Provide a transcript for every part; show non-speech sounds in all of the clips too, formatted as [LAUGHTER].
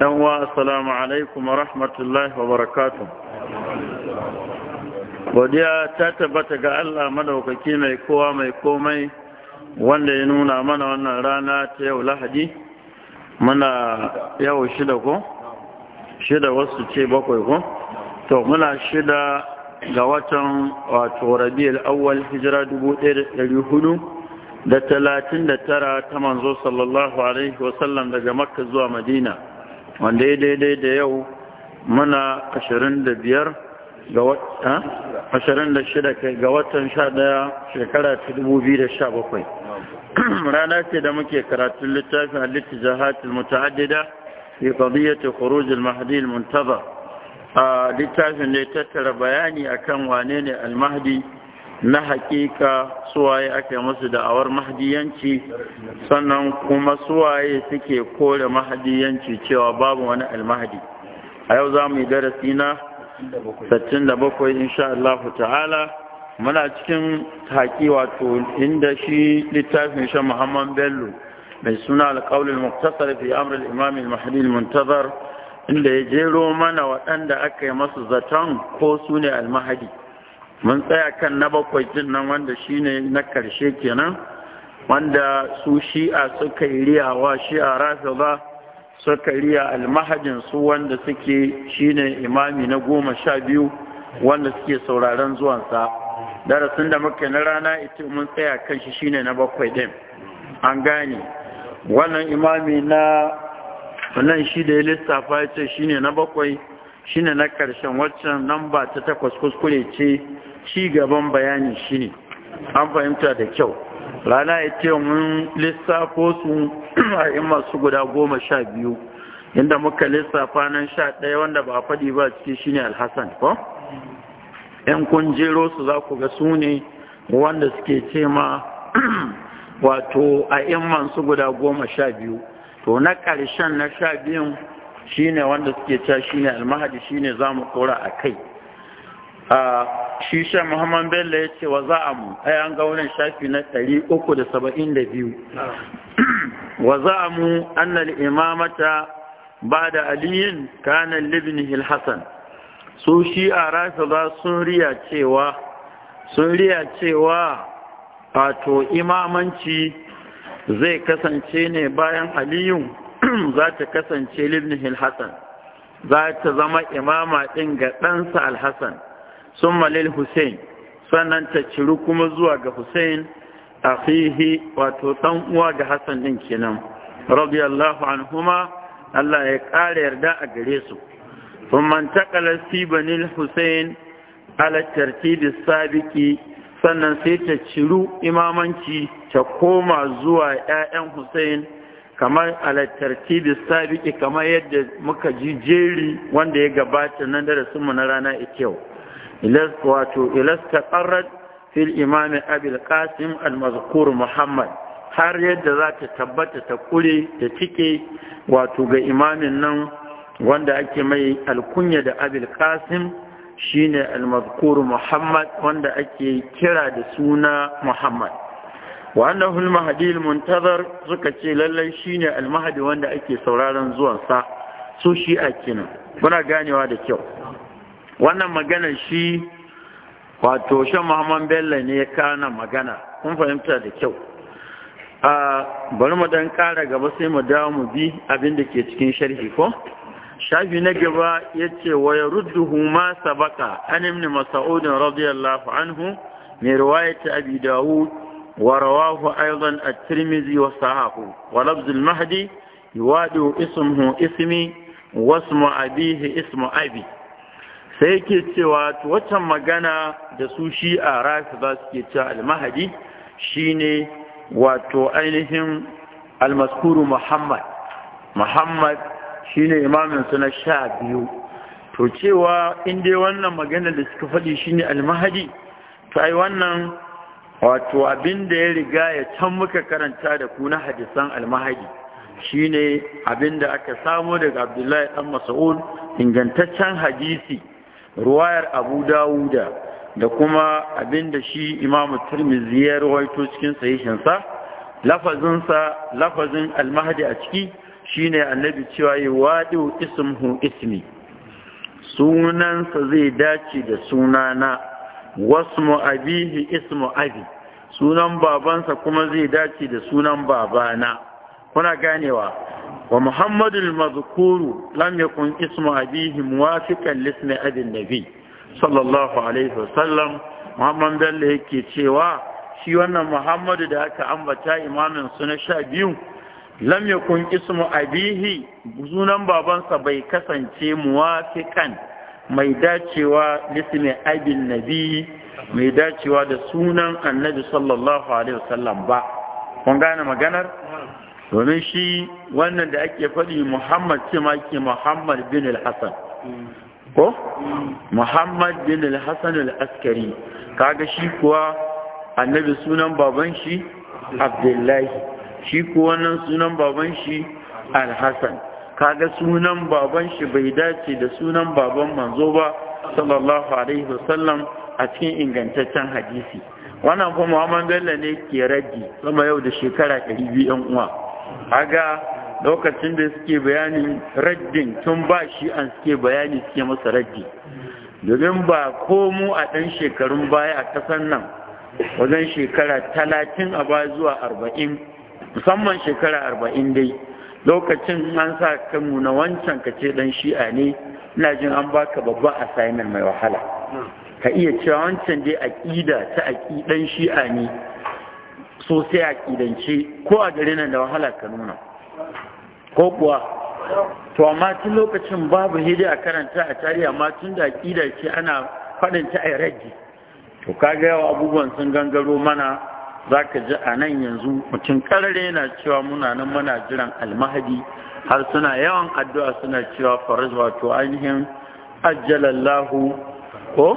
dan uwa assalamu alaikum wa rahmatullahi wa barakatun godiya ta tabbata ga Allah madaukaki mai kowa mai komai wanda ya nuna mana wannan rana ta yau lahadi muna yau shida ko shida wasu ce bakwai ko to muna shida ga watan wato rabiul awwal hijira 1439 ta manzo sallallahu alaihi wasallam daga makka zuwa madina wanda ya daidai da yau muna 25 ga wata 26 ga watan 11 shekara 2017 [CLEARS THROAT] rana ce da muke karatun littafin al-ittijahatul muta'addida fi qadiyyati khuruj al-mahdi al-muntazar a littafin da ya tattara bayani akan wane ne al-mahdi na hakika suwaye ake musu da'awar mahdiyanci sannan kuma suwaye suke kore mahdiyanci cewa babu wani almahdi a yau za mu yi darasi na 67 insha Allah ta'ala muna cikin haƙi wato inda shi littafin shan Muhammad Bello mai suna alƙawlin muktasar fi amrul imamin mahdi muntazar inda ya jero mana waɗanda aka yi masu zaton ko su ne almahdi mun tsaya kan na bakwai din nan wanda shine na karshe kenan wanda su shi'a suka yi riyawa shi'a rafiza suka riya almahajin su wanda suke shine imami na goma sha biyu wanda suke sauraron zuwansa darasin da muka na rana ita mun tsaya kan shi shine na bakwai din an gane wannan imami na nan shi da ya lissafa ya ce shine na bakwai shine na karshen waccan namba ta takwas kuskure ce ci gaban bayani ne, an fahimta da kyau rana ya ce mun lissafo su a in masu guda goma sha biyu inda muka lissafa nan sha ɗaya wanda ba faɗi ba ciki ne alhassan ko yan kun jero su za ku ga su ne wanda suke ce ma [CLEARS THROAT] wato a in masu guda goma sha biyu to na ƙarshen na sha biyun shi ne wanda suke shi ne almahadi ne za mu kora a kai shi shan muhammad bello ya ce wa mu. ai an ga wurin shafi na 372 [CLEARS THROAT] wa mu, annal imamata ba da aliyin kanan libin hassan su shi a rafiza sun riya cewa sun riya cewa wato imamanci zai kasance ne bayan aliyun [CLEARS THROAT] za ta kasance libin hassan za ta zama imama ɗin ga ɗansa alhassan sun malil Hussein sannan ta ciru kuma zuwa ga Hussein a fihi wato ɗan uwa ga Hassan ɗin kenan radiyallahu anhuma Allah ya ƙara yarda a gare su sun mantakala fi banil Hussein ala tartibi sabiki sannan sai ta ciru imamanci ta koma zuwa 'ya'yan Hussein kamar ala tartibi sabiki kamar yadda muka ji jeri wanda ya gabata nan da mu na rana kyau. wato ilastaqarrat fil imami abil ƙasim al mazkur muhammad har yadda za ta tabbata ta ƙure da cike wato ga imamin nan wanda ake mai alkunya da abil qasim shine al mazkur muhammad wanda ake kira da suna muhammad wa annahu al muntazar suka ce lallai shine al wanda ake sauraron zuwansa su shi a kenan muna ganewa da kyau wannan magana shi wato shan muhammad bello ne ya kana magana kun fahimta da kyau a bari mu dan kara gaba sai mu dawo mu bi abin da ke cikin sharhi ko shafi na gaba ya ce wa ya rudduhu ma sabaka an ibn mas'ud radiyallahu anhu mai riwayat abi dawud wa rawahu aidan at-tirmidhi wa sahahu wa lafz mahdi yuwadu ismuhu ismi wasmu abihi ismu abi sai yake cewa waccan magana da su shi a su ke cewa almahadi ne wato ainihin almaskuru muhammad muhammad shine imamin suna sha biyu to cewa inda wannan magana da suka faɗi shi shine almahadi ta yi wannan wato abin da ya riga ya can muka karanta da ku na hadisan almahadi shine abin da aka samo daga abdullahi dan mas'ud ingantaccen hadisi ruwayar abu dawuda da kuma abinda shi imamu turmizi ya waito cikin sahihinsa lafazinsa lafazin almahadi a ciki shine annabi cewa yi wadiu ismhu ismi sunansa zai dace da sunana wasmu abihi ismu abi sunan babansa kuma zai dace da sunan babana kuna ganewa wa muhammadul mazkuru lam yakun ismu abihi muwafiqan lismi abin nabi sallallahu alaihi wasallam muhammad bello yake cewa shi wannan muhammadu da aka ambata imamin su na sha biyu lam yakun ismu abihi sunan babansa bai kasance muwafiqan mai dacewa lismi abin nabi mai dacewa da sunan annabi sallallahu alaihi ba kun gane maganar domin shi wannan da ake faɗi muhammad ce ma ke muhammad bin al-hassan ko muhammad bin al-hassan al-askari kaga shi kuwa annabi sunan baban shi abdullahi shi kuwa wannan sunan baban shi al-hassan kaga sunan baban shi bai dace da sunan baban manzo ba sallallahu alaihi wasallam a cikin ingantaccen hadisi wannan kuma muhammad bello ne ke raji sama yau da shekara 200 yan uwa haga lokacin da suke bayani raddin tun ba shi an suke bayani suke masa raddi domin ba komu a ɗan shekarun baya a ƙasar nan wajen shekara talatin a ba zuwa arba'in musamman shekara arba'in dai lokacin an sa kanmu na wancan ka ce ɗan shi'a ne ina jin an baka babban assignment mai wahala ka iya cewa wancan dai aƙida ta shi shi'a ne so sai a ƙidance ko a gare nan da wahala ka nuna ko kuwa to amma tun lokacin babu hidi a karanta a tarihi amma tun da kida ce ana faɗin ta a raji to kaga yawa abubuwan sun gangaro mana za ji a nan yanzu mutum karare yana cewa muna nan muna jiran almahadi har suna yawan addu'a suna cewa faraj wato ainihin ajjalallahu ko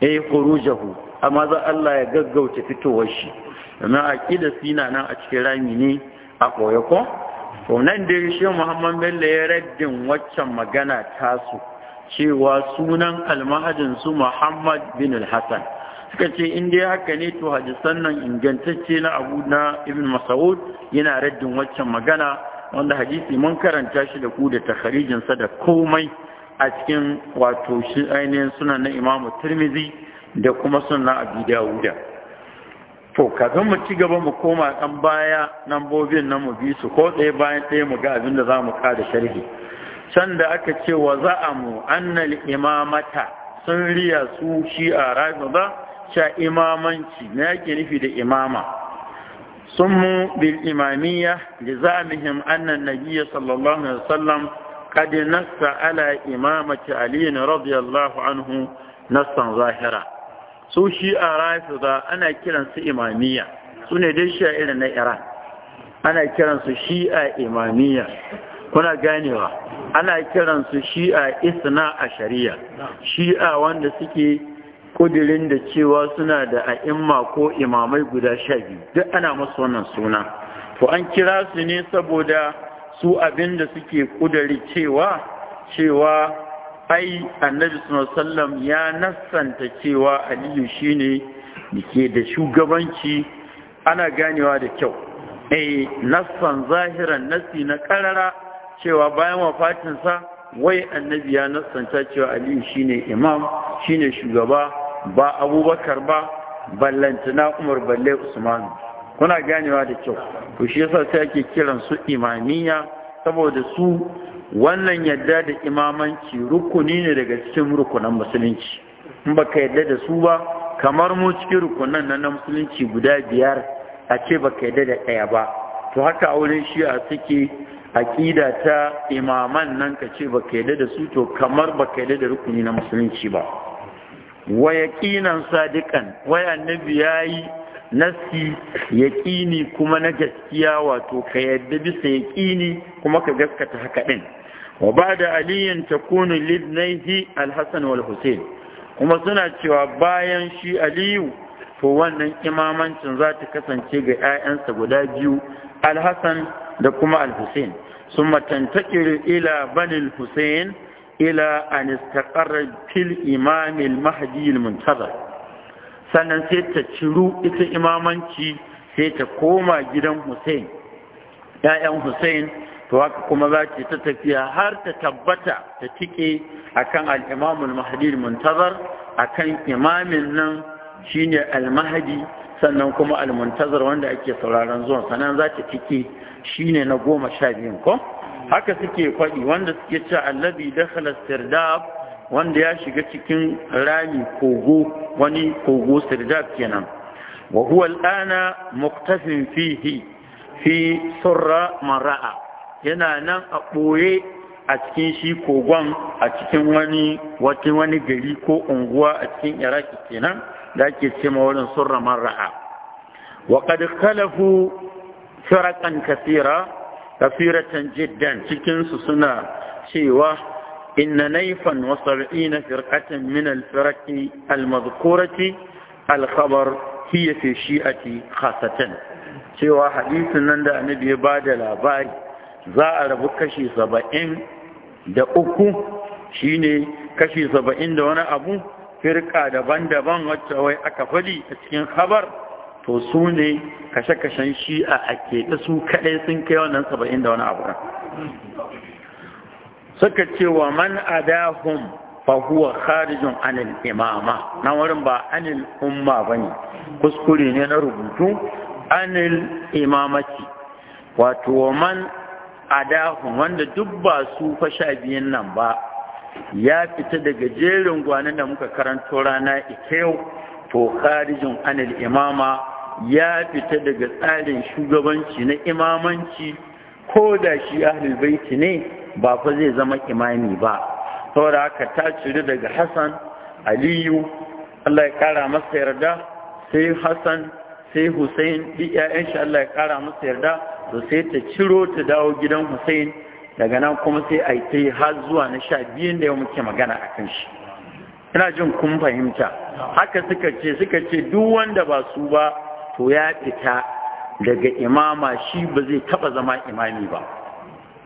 eh khurujahu amma za Allah ya gaggauta fitowar shi domin aƙida sina nan a cikin rami ne a koya ko to nan da shi muhammad bello ya raddin waccan magana tasu cewa sunan almahajin su muhammad bin al-hassan suka ce in dai haka ne to hadisan nan ingantacce na abu na ibn mas'ud yana raddin waccan magana wanda hadisi mun karanta shi da ku da takharijinsa da komai a cikin wato shi ainihin sunan na imamu tirmidhi da kuma sunan abi dawuda to kafin mu ci gaba mu koma ɗan baya nambobin nan mu bi su ko ɗaya bayan ɗaya mu ga abin da za mu kada sharhi can da aka ce wa za'amu annal imamata sun riya su shi a rafiza sha imamanci na yake nufi da imama sun mu bil imamiyya da zamihim annan nabiya sallallahu alaihi wasallam qad nassa ala imamati ali radiyallahu anhu nassan zahira su shi a rafiza ana kiransu Imamiya, su ne dai shi'a irin na iran ana kiransu shi'a Imamiya. kuna ganewa ana kiransu shi'a isna a shari'a shi'a wanda suke kudirin da cewa suna da a'imma ko imamai guda sha biyu duk ana masu wannan suna to an kira su ne saboda su abin da suke kudari cewa cewa ai annabi sallam ya nassanta cewa aliyu shine dake da shugabanci ana ganewa da kyau eh nassan zahiran nasi na karara cewa bayan wafatinsa wai annabi ya nassanta cewa aliyu shine imam shine shugaba ba abubakar ba ballantana umar balle usman kuna ganewa da kyau to shi yasa sai ake kiran su imamiyya saboda su wannan yadda da imamanci rukuni ne daga cikin rukunan musulunci in baka yadda da su ba kamar mu cikin rukunan nan na musulunci guda biyar a ce baka yadda da ɗaya ba to haka auren shi'a suke aƙida ta imaman nan ka ce baka yadda da su to kamar baka yadda da rukuni na musulunci ba wa yaqinan sadiqan wa annabi yayi nasi yaƙini kuma na gaskiya wato ka yadda bisa yaƙini kuma ka gaskata haka ɗin wa ba da aliyin ta kunu lidnaihi alhassan wal kuma suna cewa bayan shi aliyu to wannan imamancin za ta kasance ga 'ya'yansa guda biyu alhassan da kuma alhussein sun matantakir ila banil hussein ila an istaqarra fil imam al mahdi al sannan sai ta ciru ita imamanci sai ta koma gidan hussein 'ya'yan hussein to haka kuma za ki ta tafiya har ta tabbata ta tike akan kan al’imamun mahadi muntazar akan imamin nan shine al mahadi sannan kuma al-muntazar wanda ake sauraron zuwan Sannan za ta tike ne na goma sha biyun ko haka suke faɗi wanda suke ce allabi dakhala sirdab wanda ya shiga cikin rami kogo wani kogo sirdab kenan wa huwa al muktafin fihi fi surra mara'a yana nan a ɓoye a cikin shi kogon a cikin wani wata wani gari ko unguwa a cikin iraki kenan da ake ce ma wurin surra marraha wa qad khalafu firaqan kathira kathiratan jiddan cikin su suna cewa inna naifan wa sab'ina firqatan min al-firaqi al-madhkurati al-khabar hiya fi shi'ati khasatan cewa hadisin nan da annabi ya bada labari za a rabu kashi saba'in da uku shi ne kashi saba'in da wani abu firka daban-daban wacce wai aka fadi a cikin habar to su ne kashe-kashen shi'a a keɓe su kaɗai sun kai wannan saba'in da wani abu suka ce wa man adahun fahuwa huwa anil imama na wurin ba anil umma ba ne, kuskure ne na rubutu anil imamaki wato wa man adahun wanda duk ba su fa sha biyan nan ba ya fita daga jerin gwanin da muka karanto rana yau, to kharijin anil imama ya fita daga tsarin shugabanci na imamanci ko da shi ahlul baiti ne ba fa zai zama imami ba saboda haka ta ciri daga Hassan Aliyu Allah ya kara masa yarda sai Hassan sai Hussein duk yayan shi Allah ya kara musu yarda to sai ta ciro ta dawo gidan Hussein daga nan kuma sai a ta yi har zuwa na sha biyun da yau muke magana a kan shi ina jin kun fahimta haka suka ce suka ce duk wanda ba su ba to ya fita daga imama shi ba zai taba zama imami ba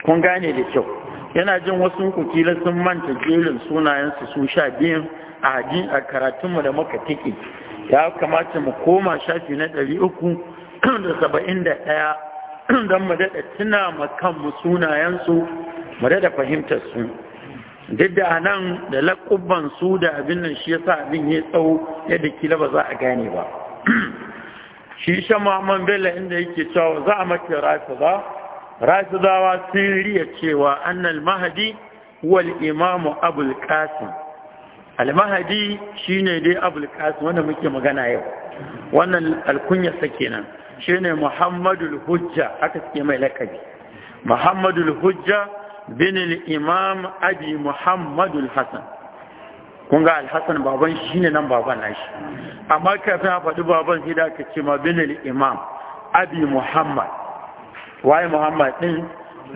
kun gane da kyau yana jin wasu kukila sun manta jerin sunayensu su sha biyun a a karatunmu da muka tiki ya kamata mu koma shafi na ɗari uku [CLEARS THROAT] da saba'in da ɗaya [CLEARS THROAT] don mu daɗa tuna ma kanmu sunayensu mu daɗa fahimtar su duk da nan da laƙubban su da abin nan shi yasa abin ya tsawo yadda kila ba za a gane ba [CLEARS THROAT] shi shan Muhammad Bello inda yake cewa za a mace rafida rafidawa sun riya cewa annal mahadi wal imamu abul qasim almahadi shine dai abul qasim wanda muke magana yau wannan alkunya sa shi shine muhammadul hujja aka suke mai lakabi muhammadul hujja bin imam abi muhammadul hasan kun ga alhassan baban shi shine nan baban nashi amma kafin a faɗi baban sai da aka ce ma bin imam abi muhammad waye muhammad din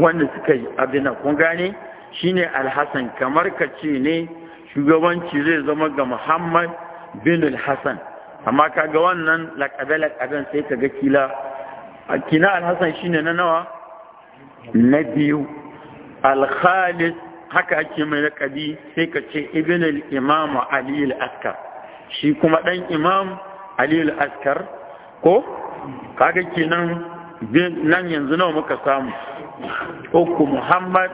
wanda suka yi abin kun gane shine alhassan kamar ka ce ne shugabanci zai zama ga muhammad bin hassan amma kaga wannan lakabe-lakaben sai kaga kila kina alhassan shine na nawa na biyu alkhalis haka ake mai lakabi sai ka ce ibn al-imam ali al-askar shi kuma dan imam ali al-askar ko kaga kenan nan yanzu nawa muka samu uku muhammad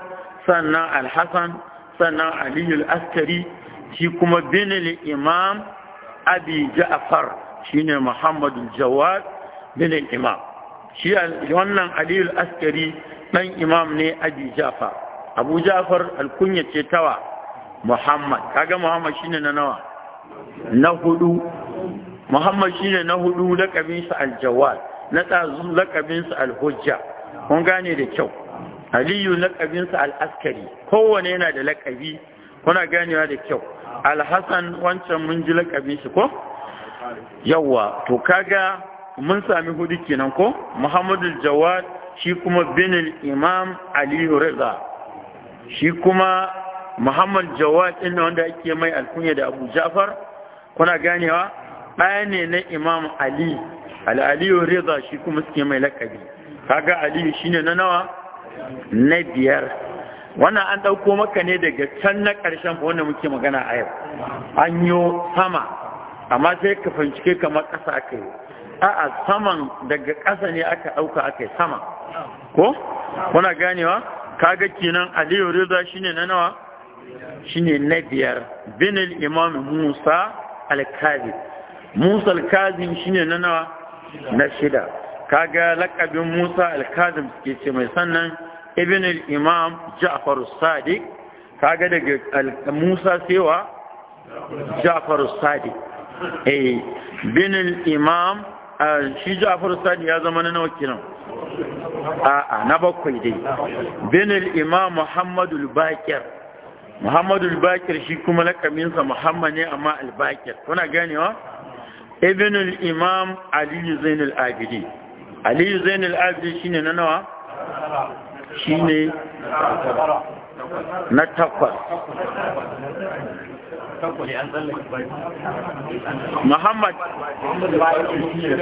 sannan alhassan sannan aliyu askari shi kuma bin imam abi ja'far shine muhammadu jawad bin imam shi wannan aliyu askari dan imam ne abi ja'far abu ja'far alkunya ce tawa muhammad kaga muhammad shine na nawa na hudu muhammad shine na hudu lakabinsa aljawad na tsazu lakabinsa alhujja kun gane da kyau aliyu al-askari. kowane yana da lakabi. kuna ganewa da kyau alhassan wancan mun ji lakabin shi ko yawa to kaga mun sami hudu kenan ko muhammadu jawad shi kuma binin imam aliyu riza shi kuma muhammad jawad ɗin wanda ake mai alkunya da abu jafar kuna ganewa ɗaya ne na imam ali Aliyu riza shi kuma suke mai lakabi kaga aliyu shine na nawa na biyar wannan an ɗauko maka ne daga can na ƙarshen wanda muke magana a yau an yi sama amma sai ka fincike kamar ƙasa aka yi a'a saman daga ƙasa ne aka ɗauka aka yi sama ko kuna ganewa kaga kenan aliyu rida shine na nawa shine na biyar al imam musa al-kazim musa al-kazim shine na nawa na shida kaga lakabin Musa al-Kazim ke ce mai sannan Ibn al-Imam Ja'far al-Sadiq kaga daga Musa cewa Ja'far al-Sadiq eh bin al-Imam shi Ja'far al-Sadiq ya zama na a a na bakwai dai bin al-Imam Muhammad al-Baqir Muhammad al-Baqir shi kuma lakabin sa Muhammad ne amma al-Baqir kuna ganewa Ibn al-Imam Ali Zain al-Abidin aliyu zainul abidin ne na nawa Shi ne na takwas Muhammad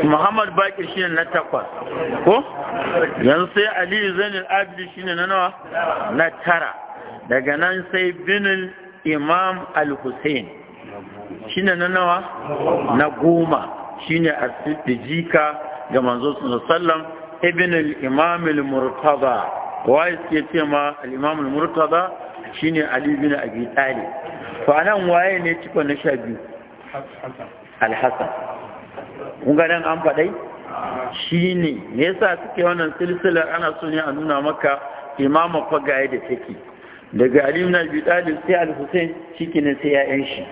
Muhammad shi ne na takwas ko yanzu sai Aliyu Ali Zainul shi ne na nawa na tara daga nan sai binin Imam Al-Hussein ne na nawa na goma Shi ne a asibijika ga manzo sallam ibn al-imam al-murtada wa yake cewa al-imam al-murtada shine ali bin abi talib to anan waye ne cikon na sha biyu al-hasan kun ga nan an fadai shine me yasa suke wannan silsila ana so ne a nuna maka imama fagaye da take daga ali bin abi talib sai al-husain shike ne sai ya'yan shi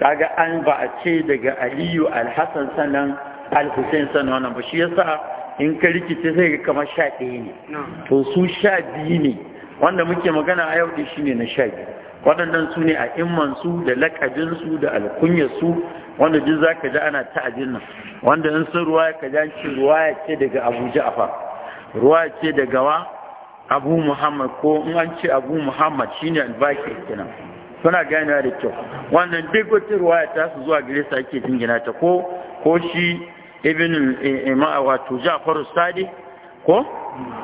kaga an ba a ce daga aliyu al-hasan sannan al-Hussein wannan ba shi yasa in ka rikice sai ka kamar sha ɗaya ne to su sha biyu ne wanda muke magana a yau shi ne na sha biyu waɗannan su ne a immansu da lakabinsu da alkunyarsu wanda duk za ka ji ana ta'ajin nan wanda in sun ruwa ka ji ce ruwa ce daga abu ja'afa ruwa ce daga wa abu muhammad ko in an ce abu muhammad shine albaki kenan suna ganewa da kyau wannan duk wata ruwa ta su zuwa gare ake jingina ta ko ko shi ibn wato ja'far sadi ko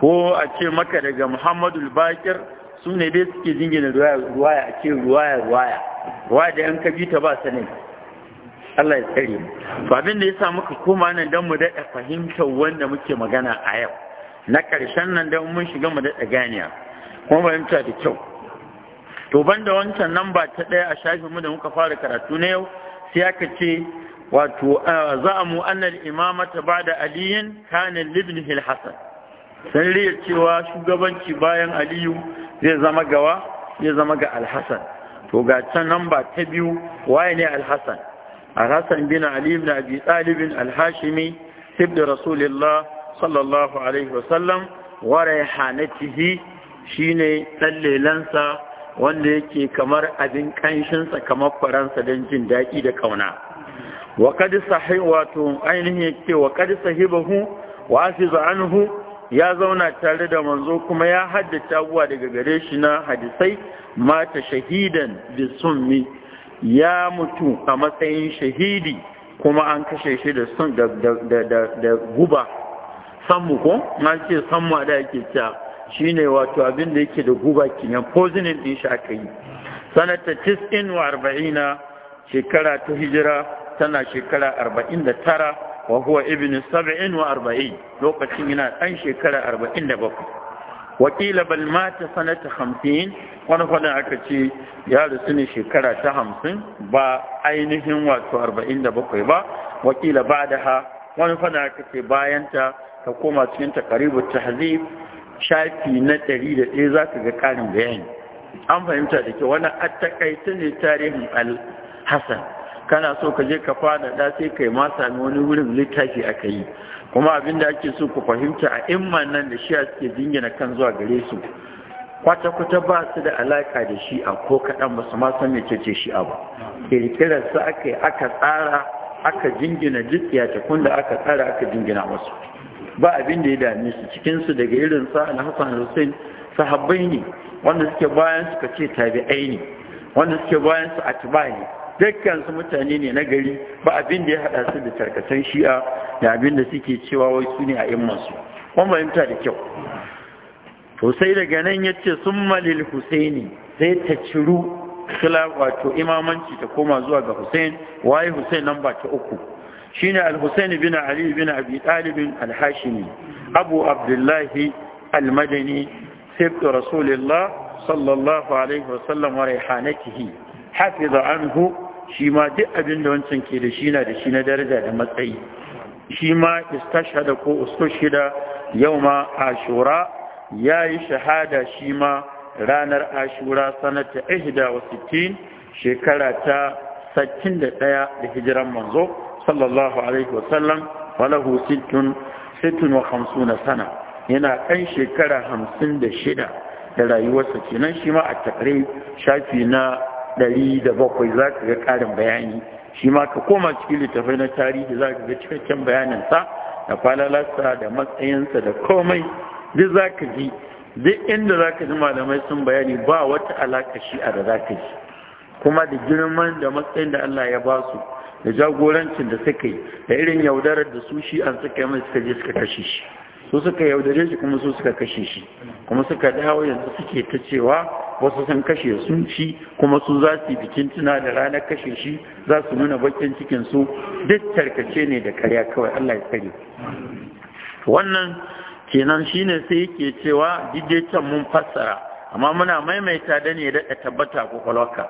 ko a ce maka daga muhammadu bakir su ne dai suke jingina ruwaya a ce ruwaya ruwaya ruwaya da yan ta ba sanin Allah ya tsare mu to abin da yasa muka koma nan dan mu daɗa fahimtar wanda muke magana a yau na ƙarshen nan dan mun shiga mu daɗa ganiya kuma fahimta da kyau to banda wancan nan ba ta ɗaya a shafin mu da muka fara karatu na yau sai aka ce wato za'amu annal imamata ba'da aliyin kana libnihi al-hasan sun riya cewa shugabanci bayan aliyu zai zama gawa zai zama ga al-hasan to ga can nan ba ta biyu waye ne al-hasan al-hasan bin ali ibn abi talib al-hashimi sibd rasulillah sallallahu alaihi wasallam wa rayhanatihi shine tsallelansa wanda yake kamar abin kanshinsa kamar faransa don jin daɗi da ƙauna. wa kad sahi wato ainihin yake wa kad sahibahu wa hafiza anhu ya zauna tare da manzo kuma ya haddace abuwa daga gare shi na hadisai mata shahidan bi sunni ya mutu a matsayin shahidi kuma an kashe shi da sun da da da, da guba mu ko na ce sammu da yake cewa shine wato abin da yake da guba kinyan poisoning din shi aka yi sanata 49 shekara ta hijira tana shekara arba'in da tara wa huwa ibn sab'in wa arba'in lokacin yana ɗan shekara arba'in da bakwai wakila bal mata sanata hamsin wani faɗin aka ce ya rasu ne shekara ta hamsin ba ainihin wato arba'in da bakwai ba wakila ba da ha wani faɗin aka ce bayanta ta koma cikin ta tahzib shafi na ɗari da ɗaya za ka ga ƙarin bayani an fahimta da ke wani a takaita ne tarihin al kana so ka je ka da sai kai ma sami wani wurin littafi aka yi kuma abin da ake so ku fahimta a imman nan da shi suke jingina kan zuwa gare su kwata-kwata ba su da alaka da shi a ko kaɗan ba su ma san mecece shi'a ba kirkirar su aka yi aka tsara aka jingina duk ta da aka tsara aka jingina wasu ba abin da ya dame su cikinsu daga irin sa na hassan hussein sahabbai ne wanda suke bayan suka ce tabi'ai ne wanda suke bayan su atba ne Dakkan su mutane ne na gari ba abin da ya haɗa su da tarkatan shi'a da abin da suke cewa wai su ne a immansu kuma fahimta da kyau to sai daga nan ya ce sun malil husaini sai ta ciru wato imamanci ta koma zuwa ga husain waye husain nan ba ta uku shine al-husaini bin ali bin abi talib al-hashimi abu abdullahi al-madani سبت رسول الله صلى الله عليه وسلم وريحانته حفظ عنه shi ma duk abin da wancan ke da shi na da shi na daraja da matsayi shi ma istashhada ko shida. yau ma ashura ya yi shahada shi ma ranar ashura sanata ihda wa sittin shekara ta sittin da ɗaya da hijiran manzo sallallahu alaihi wasallam walahu sittun sittun wa hamsuna sana yana kan shekara hamsin da shida da rayuwarsa kenan shi ma a takare shafi na ɗari da bakwai za ka ga ƙarin bayani shi ma ka koma cikin littafai na tarihi za ka ga cikakken bayaninsa da falalarsa da matsayinsa da komai duk za ka ji duk inda za ka ji malamai sun bayani ba wata alaƙa a da za ka ji kuma da girman da matsayin da Allah ya ba su da jagorancin da suka yi da irin yaudarar da su an suka yi mai suka je suka kashe shi su suka yaudare shi kuma su suka kashe shi kuma suka dawo yanzu suke ta cewa wasu sun kashe sun shi kuma su za su yi bikin tuna da ranar kashe shi za su nuna bakin cikin su duk tarkace ne da karya kawai Allah ya tsare wannan kenan shine sai yake cewa dide can mun fassara amma muna maimaita da ne da tabbata kwalwaka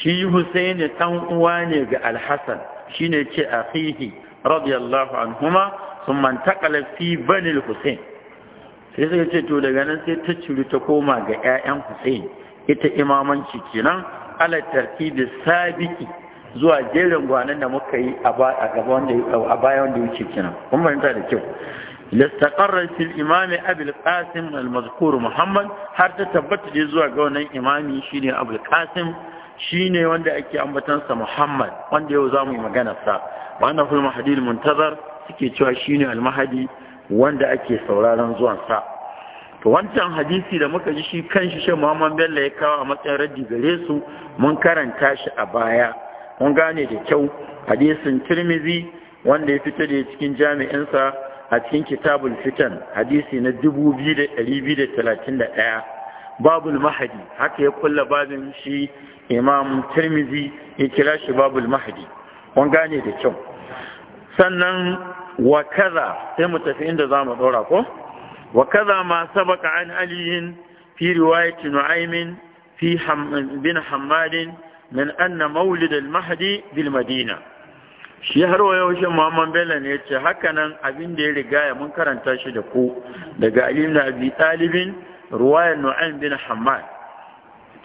shi Husaini ɗan uwa ne ga Alhassan shine ce akhihi radiyallahu anhuma sun mantakala fi banil Hussein sai suka ce to daga nan sai ta ciri ta koma ga 'ya'yan Hussein ita imamanci kenan ala tartibi sabiki zuwa jerin gwanan da muka yi a bayan wanda ya wuce kenan kun fahimta da kyau lastaqarra fil imami abul qasim al mazkur muhammad har ta tabbata da zuwa ga wannan imami shine abul qasim shine wanda ake ambatansa muhammad wanda yau zamu yi magana sa wa annahu al muntazar suke cewa shine almahadi wanda ake sauraron zuwansa to wancan hadisi da muka ji shi kanshi shi Muhammad Bello ya kawo a matsayin raddi gare su mun karanta shi a baya mun gane da kyau hadisin Tirmizi wanda ya fita da cikin jami'insa a cikin kitabul fitan hadisi na 2231 babul mahdi haka ya kulla babin shi Imam Tirmizi ya kira shi babul mahdi mun gane da kyau sannan wa kaza sai mu tafi inda za mu ɗora ko wa kaza ma sabaka an aliyin fi riwayati nu'aymin fi bin hammadin min anna maulid al-mahdi bil madina shi har wa yau shi Muhammad Bello ne yace haka nan abin da ya riga ya mun karanta shi da ku daga Ali ibn Abi talibin riwayat Nu'aym bin Hammad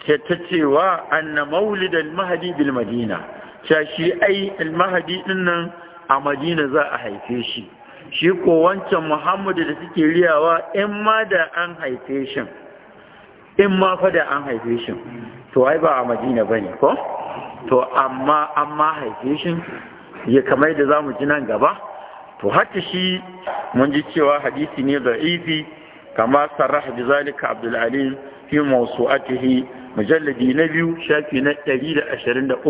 ke ta cewa anna maulid al-mahdi bil madina cha shi ai al-mahdi din a madina za a haife shi shi ko wancan muhammadu da suke riyawa in ma da an haife shi in ma fa da an haife shi to ai ba a madina ba ne ko to amma an ma haife shi ya kamar da za mu ji nan gaba to haka shi mun ji cewa hadisi ne da ifi kama sarrah bi zalika abdul alim fi mawsu'atihi mujalladi na biyu shafi na 123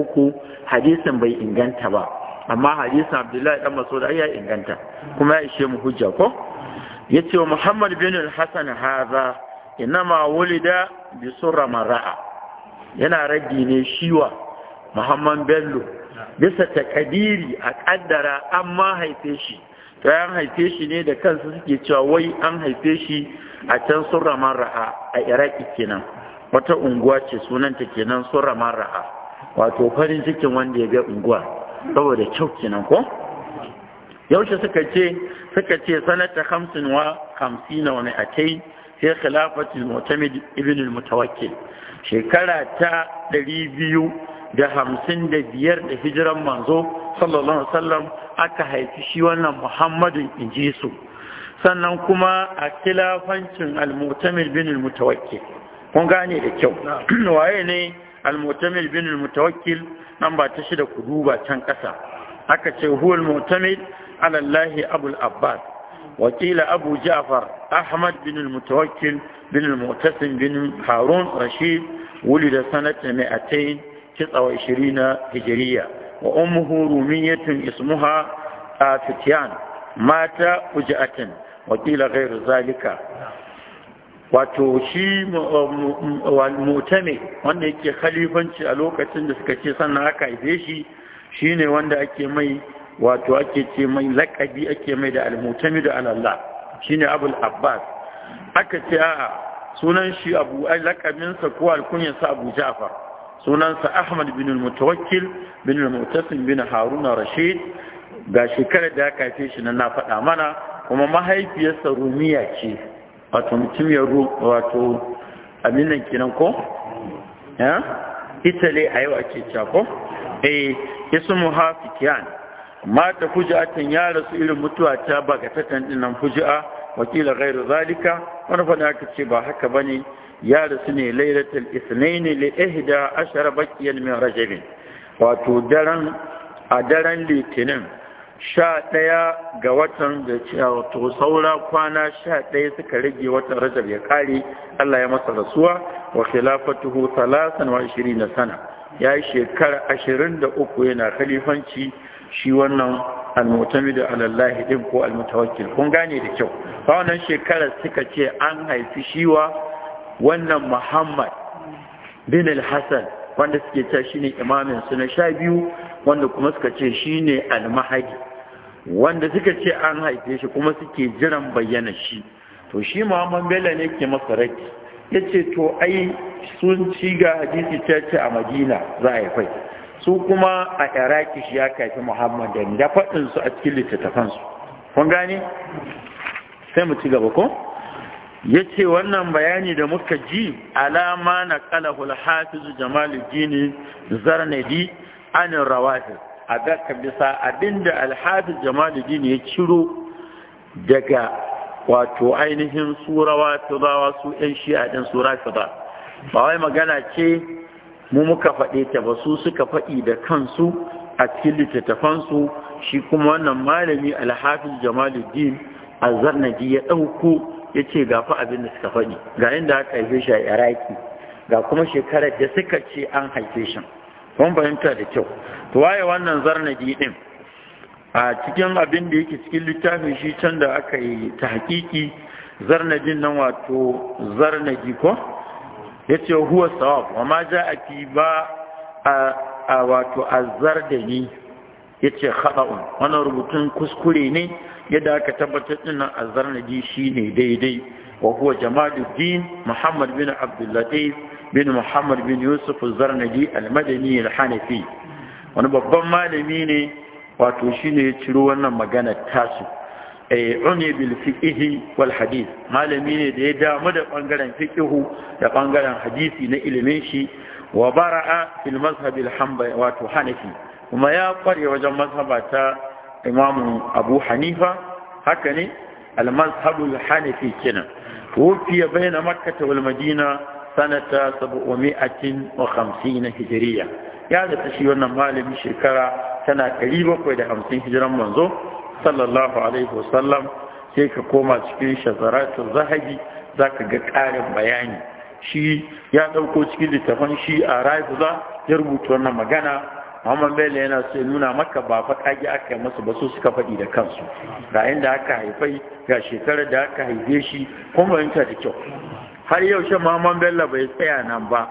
hadisin bai inganta ba amma hadisin abdullahi dan masud ya inganta kuma ya ishe mu hujja ko yace wa muhammad bin al-hasan hadha inma wulida bi surra mar'a yana ragi ne shiwa muhammad bello bisa taƙadiri a kaddara amma haife shi to an haife shi ne da kansa suke cewa wai an haife shi a can surra mar'a a iraki kenan wata unguwa ce sunanta kenan surra mar'a wato farin cikin wanda ya ga unguwa saboda kyau kenan ko yaushe suka ce suka ce sanata hamsin wa hamsina wa mi'atai sai khilafatul mu'tamid ibn al-mutawakkil shekara ta ɗari biyu da hamsin da biyar da hijiran manzo sallallahu alaihi wasallam aka haifi shi wannan muhammadu injisu su sannan kuma a khilafancin al-mu'tamid ibn al-mutawakkil kun gane da kyau waye ne المعتمد بن المتوكل من نعم بعد تشد قدوبة تنكسا أكتش هو المعتمد على الله أبو الأباد وقيل أبو جعفر أحمد بن المتوكل بن المعتصم بن هارون رشيد ولد سنة 229 هجرية وأمه رومية اسمها آفتيان مات فجأة وقيل غير ذلك wato shi um, mutane wanda yake khalifanci a lokacin da suka ce sannan aka haife shi ne wanda ake mai wato ake ce mai laƙabi ake mai da almutami da alallah ne abul abbas aka ce a sunan shi abu ai lakabinsa ko alkunyarsa abu ja'far sunansa ahmad bin Mutawakil, bin mutasim bin haruna rashid ga shekarar da aka haife shi na faɗa mana kuma mahaifiyarsa rumiya ce wato mutum ya ru wato abinan kinan ko ya itale a yau ake cewa ko eh ismu hafikiyan mata tan ya rasu irin mutuwa ta bagatatan dinan fuji'a wakila ghairu zalika wani fa aka ce ba haka bane ya rasu ne lailatul ithnain li ihda ashara bakiyan min rajulin wato daren a daren litinin sha ɗaya ga watan da to saura kwana sha ɗaya suka rage watan rajab ya kare Allah ya masa rasuwa wa khilafatuhu talatin wa ishirin na sana ya yi shekara ashirin da uku yana khalifanci shi wannan almutami da alallahi ɗin ko almutawakil kun gane da kyau ba wannan shekarar suka ce an haifi shiwa wannan muhammad bin alhassan hassan wanda suke cewa ne imamin su na sha biyu wanda kuma suka ce shine al-mahadi wanda suka ce an haife shi kuma suke jiran bayyana shi to shi muhammad bello ne ke masa raki ya to ai sun ci ga hadisi ta ce a madina za a haifai su kuma a iraki shi ya kafi muhammad da da su a cikin littattafansu kun gane sai mu ci gaba ko Yace wannan bayani da muka ji alama na kalahul hafizu jamaluddin zarnadi anin rawafis a daka bisa abinda alhafiz jamaluddin ya ciro daga wato ainihin surawa tuzawa su yan shi'a din sura ba ba wai magana ce mu muka faɗe ta ba su suka faɗi da kansu a cikin littattafansu shi kuma wannan malami alhafiz a zarnaji ya ɗauko ya ce ga fa abin da suka faɗi ga da aka haife shi a iraki ga kuma shekarar da suka ce an haife shi kun fahimta da kyau to waye wannan zarnadi din a cikin abin da yake cikin littafin shi can da aka yi ta hakiki zarnadin nan wato zarnadi ko ya ce huwa sawab wa ma ja a fi ba a wato azzardani ya ce haɗa'un wannan rubutun kuskure ne yadda aka tabbatar din nan azzarnadi shi ne daidai wa huwa jamaluddin muhammad bin abdullatif bin muhammad bin yusuf zarnagi almadani hanafi wani babban malami ne wato shine ya ciro wannan magana tasu eh, uni bil fiqhi wal hadith malami ne da ya damu da bangaren fiqhu da bangaren hadisi na ilimin shi wa bara'a fil mazhab al wato hanafi kuma ya kware wajen mazhaba ta imam abu hanifa haka ne al mazhab al hanafi kenan wufiya bayna makkah wal madina sanata sabu'umi'atin wa na hijiriya ya ta shi wannan malami shekara tana ɗari bakwai da hamsin hijiran manzo sallallahu alaihi wasallam sai ka koma cikin shazaratu zahabi za ka ga ƙarin bayani shi ya ɗauko cikin littattafan shi a rafiza ya rubuta wannan magana muhammad bello yana so nuna maka ba faɗaƙi aka yi masu ba su suka faɗi da kansu ga inda aka haifai ga shekarar da aka haife shi kuma yanta da kyau har yau shan Muhammad Bello bai tsaya nan ba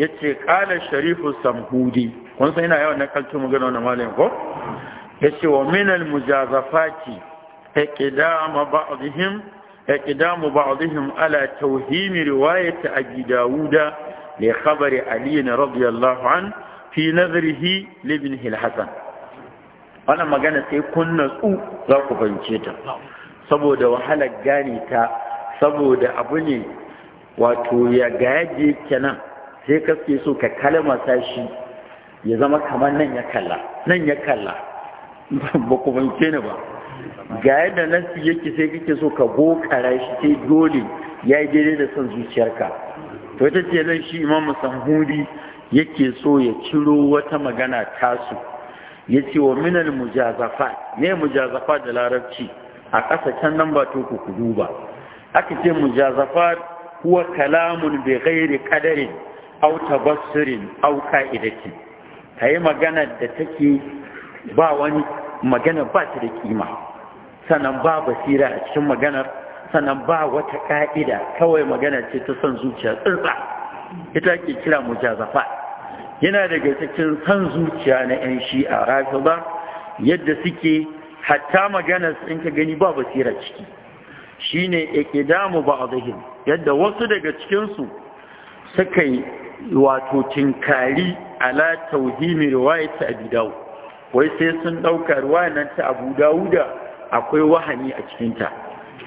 yace qala sharifu samhudi kun san ina yawan nakalto magana wannan malamin ko yace wa min al mujazafati iqdam ba'dihim iqdam ba'dihim ala tawhim riwayat abi dawuda li khabar ali radhiyallahu an fi nazrihi li ibn hasan wannan magana sai kun natsu za ku fahimce ta saboda wahalar gane ta saboda abu ne wato ya gaje kenan sai kaske so ka kalmasa shi ya zama kamar nan ya kalla nan ya kalla [LAUGHS] ba ku fahimce ni ba ga yadda nasi yake sai kake so ka gokara shi sai dole ya yi daidai da son zuciyarka to ita ce nan shi imamu sanhuri yake so ya ciro wata magana tasu ya ce wa minal mujazafa ne mujazafa da larabci a ƙasa can nan ba to ku duba aka ce mujazafa huwa kalamun bi ghairi qadarin aw tabassurin aw qa'idatin kai magana da take ba wani magana ba ta da kima sannan ba basira a cikin maganar sannan ba wata ka'ida kawai magana ce ta son zuciya tsirtsa ita ke kira mujazafa yana daga cikin son zuciya na 'yan shi'a rafi ba yadda suke hatta maganar in ka gani ba basira ciki shine iqdamu ba'dihim yadda wasu daga cikinsu su suka yi wato tinkari ala tauhimi riwayat Abi Dawud wai sai sun ɗauka riwayar nan ta Abu da akwai wahani a cikin ta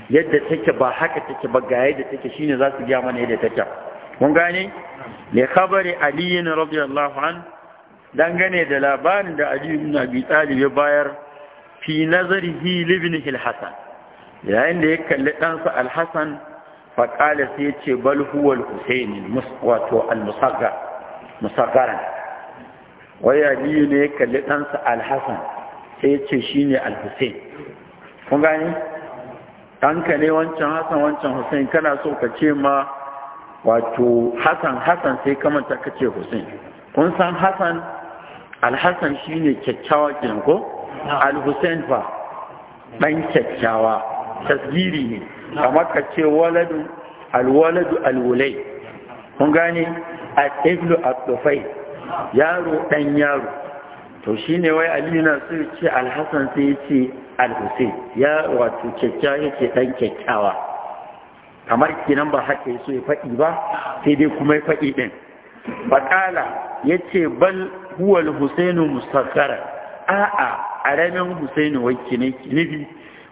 yadda take ba haka take ba ga yadda take shine za su gyama mana yadda take mun gane Habari khabari Ali radiyallahu an dangane da labarin da Aliyu ibn Abi Talib ya bayar fi nazarihi Hasan yayin da ya kalli ɗansa alhassan faƙala sai ya ce bal huwal husaini wato almusaggaran wai biyu ne ya kalli ɗansa alhassan sai ya ce shi ne alhussein kun gani ɗanka ne wancan hassan wancan hussein kana so ka ce ma wato hassan hassan sai kamanta ka ce hussein kun san hassan alhassan shi ne kyakkyawa kenan ko alhussein fa ɗan kyakkyawa tasgiri ne kamar ka ce waladu alwaladu alwulai kun gane a ibnu abdufai yaro dan yaro to shine wai Ali na so ce alhassan sai ya ce alhussein ya wato kyakkyawa yake dan kyakkyawa kamar kenan ba haka so ya faɗi ba sai dai kuma ya faɗi ɗin baƙala ya ce bal huwal husainu musakara a'a aramin husainu wai nufi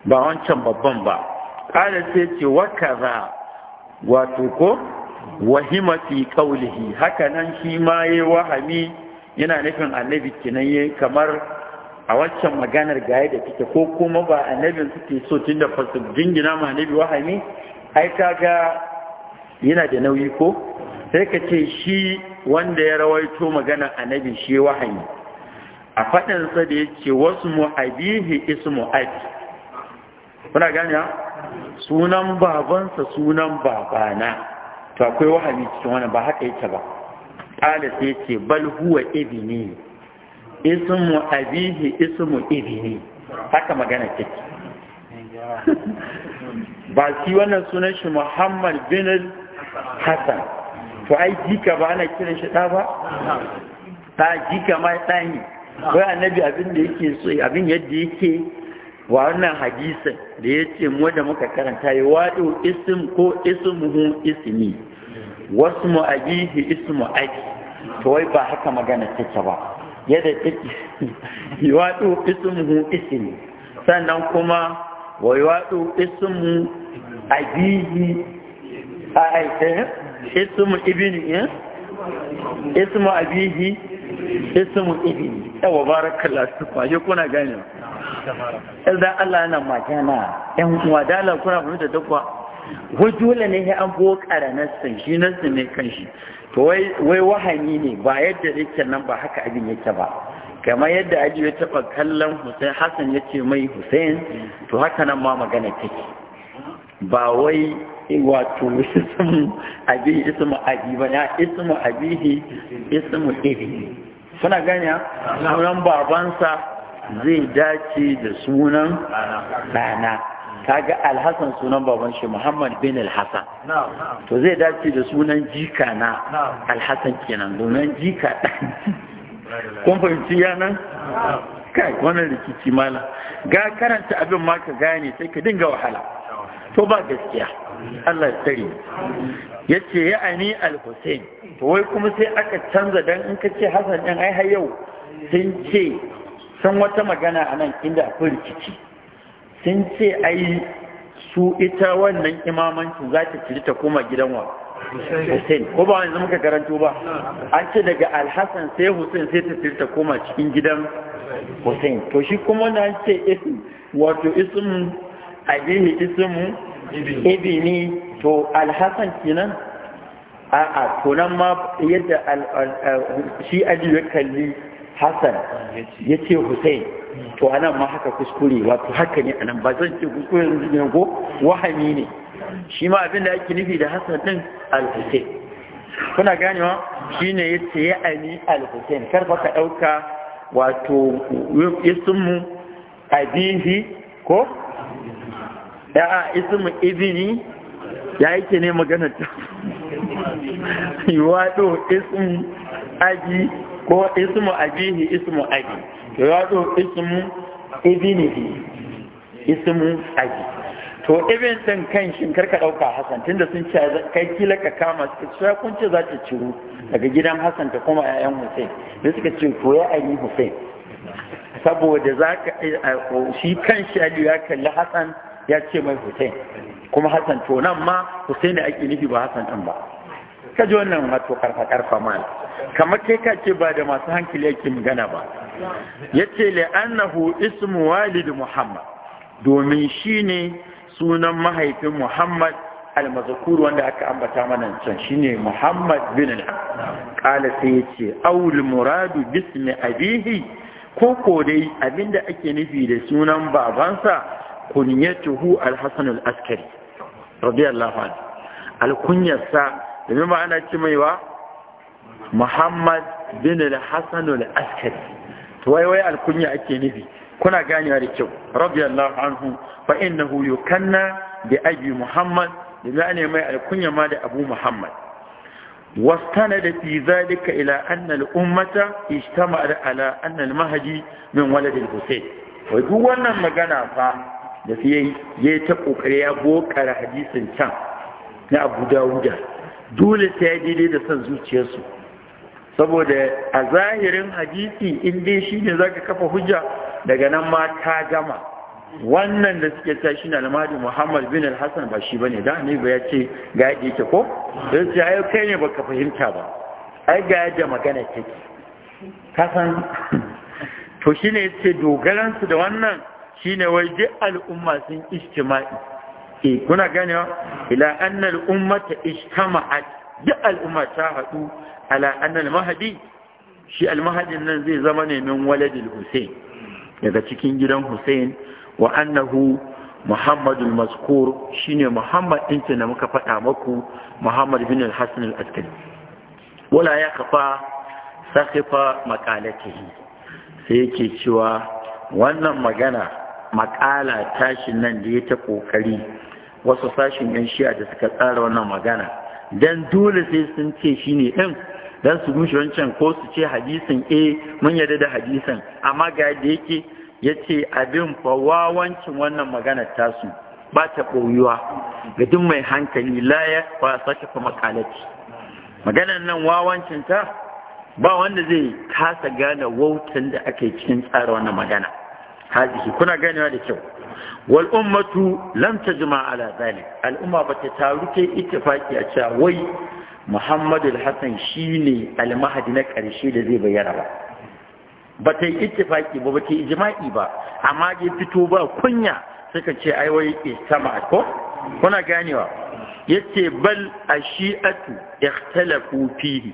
ba wancan babban ba ƙara sai ce wakaza wato ko wahima fi haka nan shi ma yayi wahami yana nufin annabi kenan yayi kamar a waccan maganar ga da take ko kuma ba annabin suke so tunda fasu jingina ma annabi wahami ai kaga yana da nauyi ko sai ka ce shi wanda ya rawaito maganar annabi shi wahami a faɗinsa da ya ce wasu mu abihi ismu abi kuna gani sunan babansa sunan babana to akwai wahami cikin wannan ba haka yake ba qala sai ce bal huwa ibni ismu abihi ismu ibni haka magana take [LAUGHS] ba shi wannan sunan shi Muhammad bin Hassan to ai jika ba ana kiran shi da ba ta jika ma ɗani wai annabi abin da yake so abin yadda yake wannan hadisin da ya ce mu da muka karanta ya waɗo isim ko ismuhu ismi wasu mu ajihi ismu aji to wai ba haka magana take ba yadda take ya waɗo ismuhu ismi sannan kuma wa ya waɗo ismu ajihi a aiki eh, ismu ibini eh, ismu ajihi ismu ibini yawa barakallah su kwaje kuna ganewa Idan Allah yana magana ‘yan uwa dala kuna fahimta da kuwa wai dole ne ya an bo san shi nasu ne kan shi to wai wahani ne ba yadda yake nan ba haka abin yake ba kamar yadda aji ya taba kallon Hussein Hassan ya ce mai Hussein to haka nan ma magana take ba wai wato ismu abi ismu abi ba na ismu abihi ismu ibi kuna gani babansa zai dace da sunan ɗana kaga alhassan sunan baban shi muhammad bin alhassan to zai dace da sunan jika na alhassan kenan domin jika ɗan kun fahimci yanan kai wannan rikici mala ga karanta abin ma ka gane sai ka dinga wahala to ba gaskiya Allah ya ya ce ya ani al-Hussein to wai kuma sai aka canza dan in ka ce Hassan din ai har yau sun ce san wata magana a nan inda akwai rikici sun ce ai su ita wannan imamanci za ta ciri ta koma gidan wa Hussein ko ba zama ka karanto ba an ce daga alhassan sai Hussein sai ta ciri ta koma cikin gidan Hussein to shi kuma na ce isim wato isim abini ismu ibini to alhassan kenan a'a to nan ma yadda shi ajiye kalli Hassan ya ce Hussein to anan ma haka kuskure wato haka ne anan ba zan ce kuskure ne ko wahami ne shi ma abin da ake nufi da Hassan din Al-Hussein kuna ganewa shine yace ya ani Al-Hussein kar fa ka dauka wato ismu abihi ko da'a ismu ibni ya yake ne magana ta [LAUGHS] yiwa do ismu aji ko ismu abihi ismu abi to ya ismu ibnihi ismu abi to ibn din kan shin karka dauka hasan tunda sun ce kai kila ka kama suka kun ce za ta ciro daga gidan hasan ta kuma yayan hussein da suka ce to ya ali hussein saboda za ka shi kan shi ali ya kalli hasan ya ce mai hussein kuma hasan to nan ma hussein da ake nufi ba hasan din ba kaji wannan wato karfa karfa mana kamar kai ka ce ba da masu hankali yake magana ba yace Annahu ismu walid muhammad domin shine sunan mahaifin muhammad almazkur wanda aka ambata mana can shine muhammad bin al qala sai yace awl muradu bismi abihi ko ko dai abinda ake nufi da sunan babansa kunyatuhu alhasan al-askari radiyallahu anhu al-kunyarsa da ana ce maiwa muhammad bin al-hassan al-askari to wai wai alkunya ake nufi kuna ganewa da kyau radiyallahu anhu fa innahu yukanna bi abi muhammad da ne mai alkunya ma da abu muhammad واستند في ذلك إلى أن الأمة اجتمعت على أن المهدي من ولد الحسين ويقول وانا مغانا فا ta ƙoƙari كريابو كرا حديث كان na abu dawuda dole sai ya daidai da son zuciyarsu saboda a zahirin hadisi in dai shi ne za ka kafa hujja daga nan ma ta gama wannan da suke ta shi na almadi muhammad bin Hassan ba shi ba ne da ne ba ya ce ga yadda yake ko don su ya kai ne ba ka fahimta ba ai ga yadda magana take kasan [LAUGHS] to shi ne ce dogaransu da wannan shi ne wai duk al'umma sun istima'i e eh, kuna ganewa ila annal ummata ijtama'at duk al'umma ta haɗu ala annal mahadi shi almahadin nan zai zama ne min waladil Hussein daga cikin gidan Hussain? wa annahu Muhammadul Maskur shine Muhammad din da muka faɗa maku Muhammad bin al-Hasan al-Askari wala ya kafa sakhifa maqalatihi sai yake cewa wannan magana maƙala tashin nan da ya ta ƙoƙari, wasu sashin yan shi'a da suka tsara wannan magana dan dole sai sun ce shine din dan su mishi wancan ko su ce hadisin eh mun yarda da hadisin amma ga da yake yace abin fa wawancin wannan magana tasu ba ta ɓoyuwa ga duk mai hankali la ya ba sake kuma maganar nan wawancin ta ba wanda zai kasa gane wautan da ake cikin tsara wannan magana hazihi kuna ganewa da kyau wal ummatu lam tajma ala zalik al umma bata ta kai ittifaki a cewa wai muhammadu hassan shi ne almahadi na ƙarshe da zai bayyana ba ba ta yi ittifaki ba ba ta yi jima'i ba amma ya fito ba kunya suka ce ai wai istama ko kuna ganewa yace bal ashi'atu ikhtalafu fihi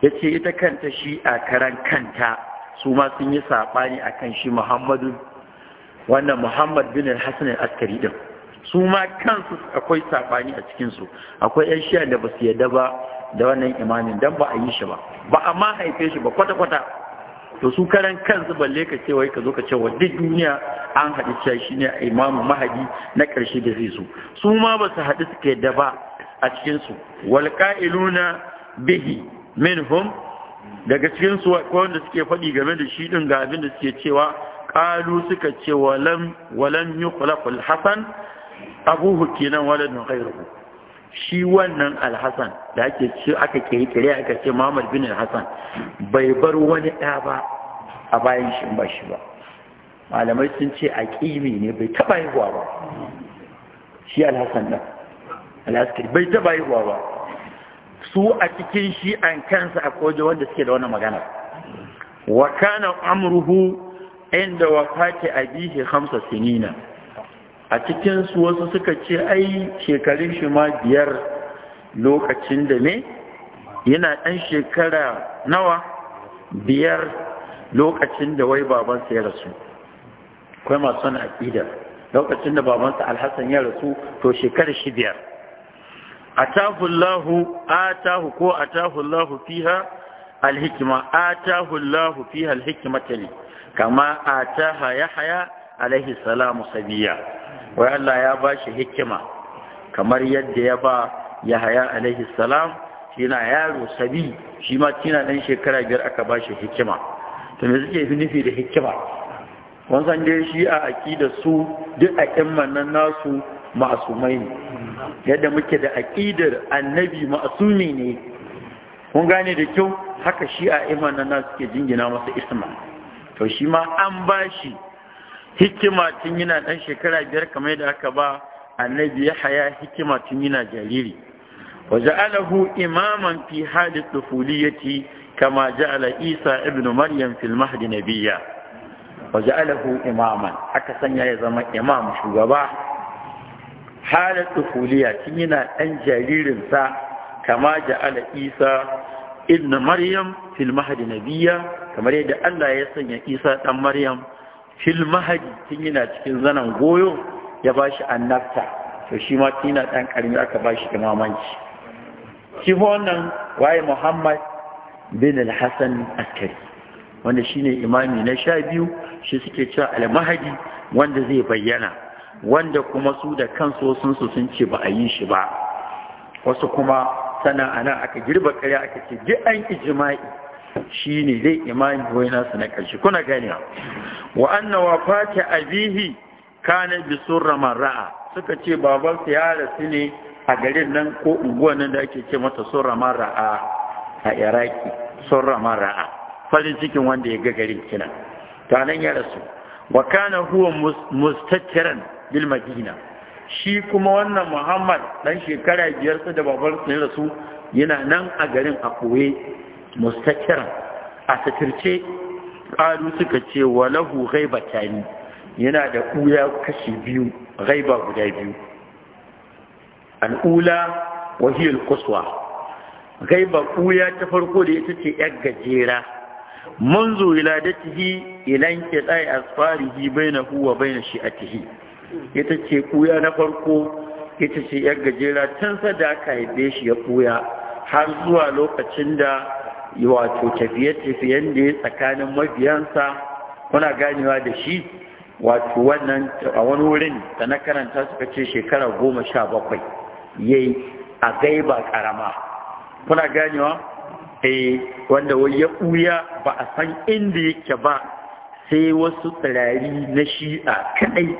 yace ita kanta shi'a karan kanta su ma sun yi sabani akan shi muhammadu wannan muhammad bin al al-askari din su ma kansu akwai sabani a cikinsu akwai 'yan shiya da ba su yadda ba da wannan imanin dan ba a yi shi ba ba a haife shi ba kwata-kwata to su karan kansu balle ka ce wai ka zo ka ce wa duk duniya an haɗu cewa shi ne imamu mahadi na ƙarshe da zai zo su ma ba su haɗu suka yadda ba a cikinsu wal qailuna bihi minhum daga cikinsu akwai wanda suke faɗi game da shi ɗin ga abin da suke cewa ƙalu suka ce walam walam yuqlaqul hasan abuhu kenan waladun ghairuhu shi wannan alhassan da ake ce aka kiri kire aka ce Muhammad bin alhassan bai bar wani da ba a bayan shi ba shi ba malamai sun ce aqimi ne bai taba yi ba shi alhassan da alhaskari bai taba yi ba su a cikin shi an kansa a koje wanda suke da wannan magana wa kana amruhu inda wafati abihi khamsa sinina a cikinsu wasu suka ce ai shekarun shi ma biyar lokacin da ne yana ɗan shekara nawa biyar lokacin da wai babansa ya rasu kwai masu wani aƙidar lokacin da babansa alhassan ya rasu to shekarar shi biyar atahullahu atahu ko atahullahu fiha alhikima atahullahu fiha alhikimata ne kama ataha yahya alaihi salamu sabiya wai Allah ya ba shi hikima kamar yadda ya ba Yahaya alaihi salam yana yaro sabi shi ma tina dan shekara biyar aka ba shi hikima to me suke nufi da hikima wani san dai shi a aƙida su duk a ƙimman nan nasu masumai yadda muke da aƙidar annabi masumi ne kun gane da kyau haka shi a iman nasu suke jingina masa isma to shi ma an ba shi hikima tun yana ɗan shekara biyar kamar yadda aka ba annabi ya haya hikima tun yana jariri wa ja'alahu imaman fi hali tufuliyati kama ja'ala isa ibn maryam fil mahdi nabiyya wa ja'alahu imaman aka sanya ya zama imam shugaba halin tufuliya tun yana ɗan jaririnsa kama ja'ala isa ibn maryam fil mahdi nabiyya kamar yadda Allah ya sanya isa ɗan maryam fil tun yana cikin zanen goyo ya ba shi annabta to shi ma tun yana ɗan ƙarami aka ba shi imamanci shi wannan waye muhammad bin al-hassan askari wanda shine imami na sha biyu shi suke cewa al wanda zai bayyana wanda kuma su da kansu sun su sun ce ba a yi shi ba wasu kuma sannan nan aka girba karya aka ce duk an shi ne dai imani wai nasu na ƙarshe kuna gani wa anna fata abihi kana bi surra ra'a suka ce babansa ya rasu ne a garin nan ko unguwan nan da ake ce mata surra ra'a a iraki surra ra'a farin cikin wanda ya ga garin kina ta nan ya rasu wa kana huwa mustatiran bil madina shi kuma wannan muhammad dan shekara biyar sa da babansa ya rasu yana nan a garin a koye mustakiran a satirce ƙaru suka ce Walahu, lahu tani yana da ƙuya kashi biyu ghaiba guda biyu al'ula wahiyar ƙuswa. ghaiba ƙuya ta farko da ita ce ‘yar gajera bai na huwa bai na shi a tihi ita ce kuya na farko ita ce ‘yar gajera tun sadaka haife shi ya kuya har zuwa lokacin da wato tafiye-tafiyen da ya tsakanin mabiyansa kuna ganewa da shi wato wannan a wani wurin da na karanta suka ce shekara goma sha bakwai ya yi a gaiba karama kuna ganewa eh wanda wai ya ɓuya ba a san inda yake ba sai wasu tsirari na shi'a kaɗai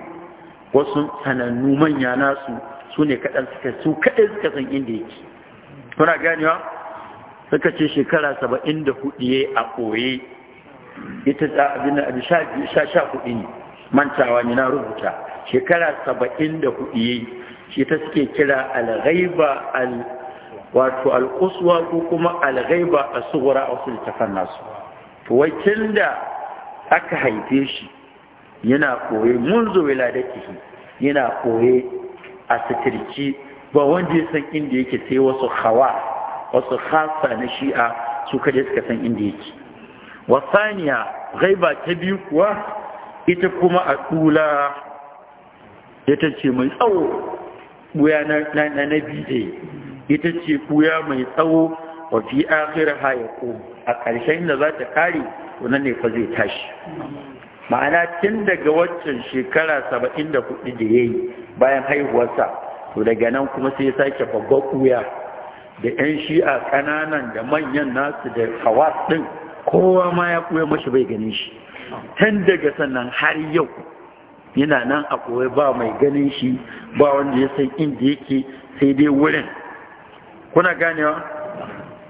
wasu sanannu manya nasu su ne kaɗan suka su kaɗai suka san inda yake kuna ganewa suka ce shekara saba'in da hudu ya a koye ita ta abin da sha sha hudu ne mantawa ne na rubuta shekara saba'in da hudu ya shi ta suke kira alghaiba al wato alƙuswa ko kuma alghaiba a tsohora a wasu tafan nasu wakil da aka haife shi yana koye mun zo wiladatihi yana koye a sitirci ba wanda ya san inda yake sai wasu hawa wasu khasa na shi'a su kaje suka san inda yake wasaniya ghaiba ta biyu kuwa ita kuma a ɗula ta ce mai tsawo buya na na ita ce buya mai tsawo wa fi akhir ya ko a ƙarshen da za ta kare wannan ne fa zai tashi ma'ana tun daga waccan shekara saba'in da yayi bayan haihuwarsa to daga nan kuma sai ya sake babbar buya da 'yan shi'a ƙananan da manyan nasu da kawas ɗin kowa ma ya koya mashi bai ganin shi tun daga sannan har yau yana nan a koya ba mai ganin shi ba wanda ya san inda yake sai dai wurin kuna ganewa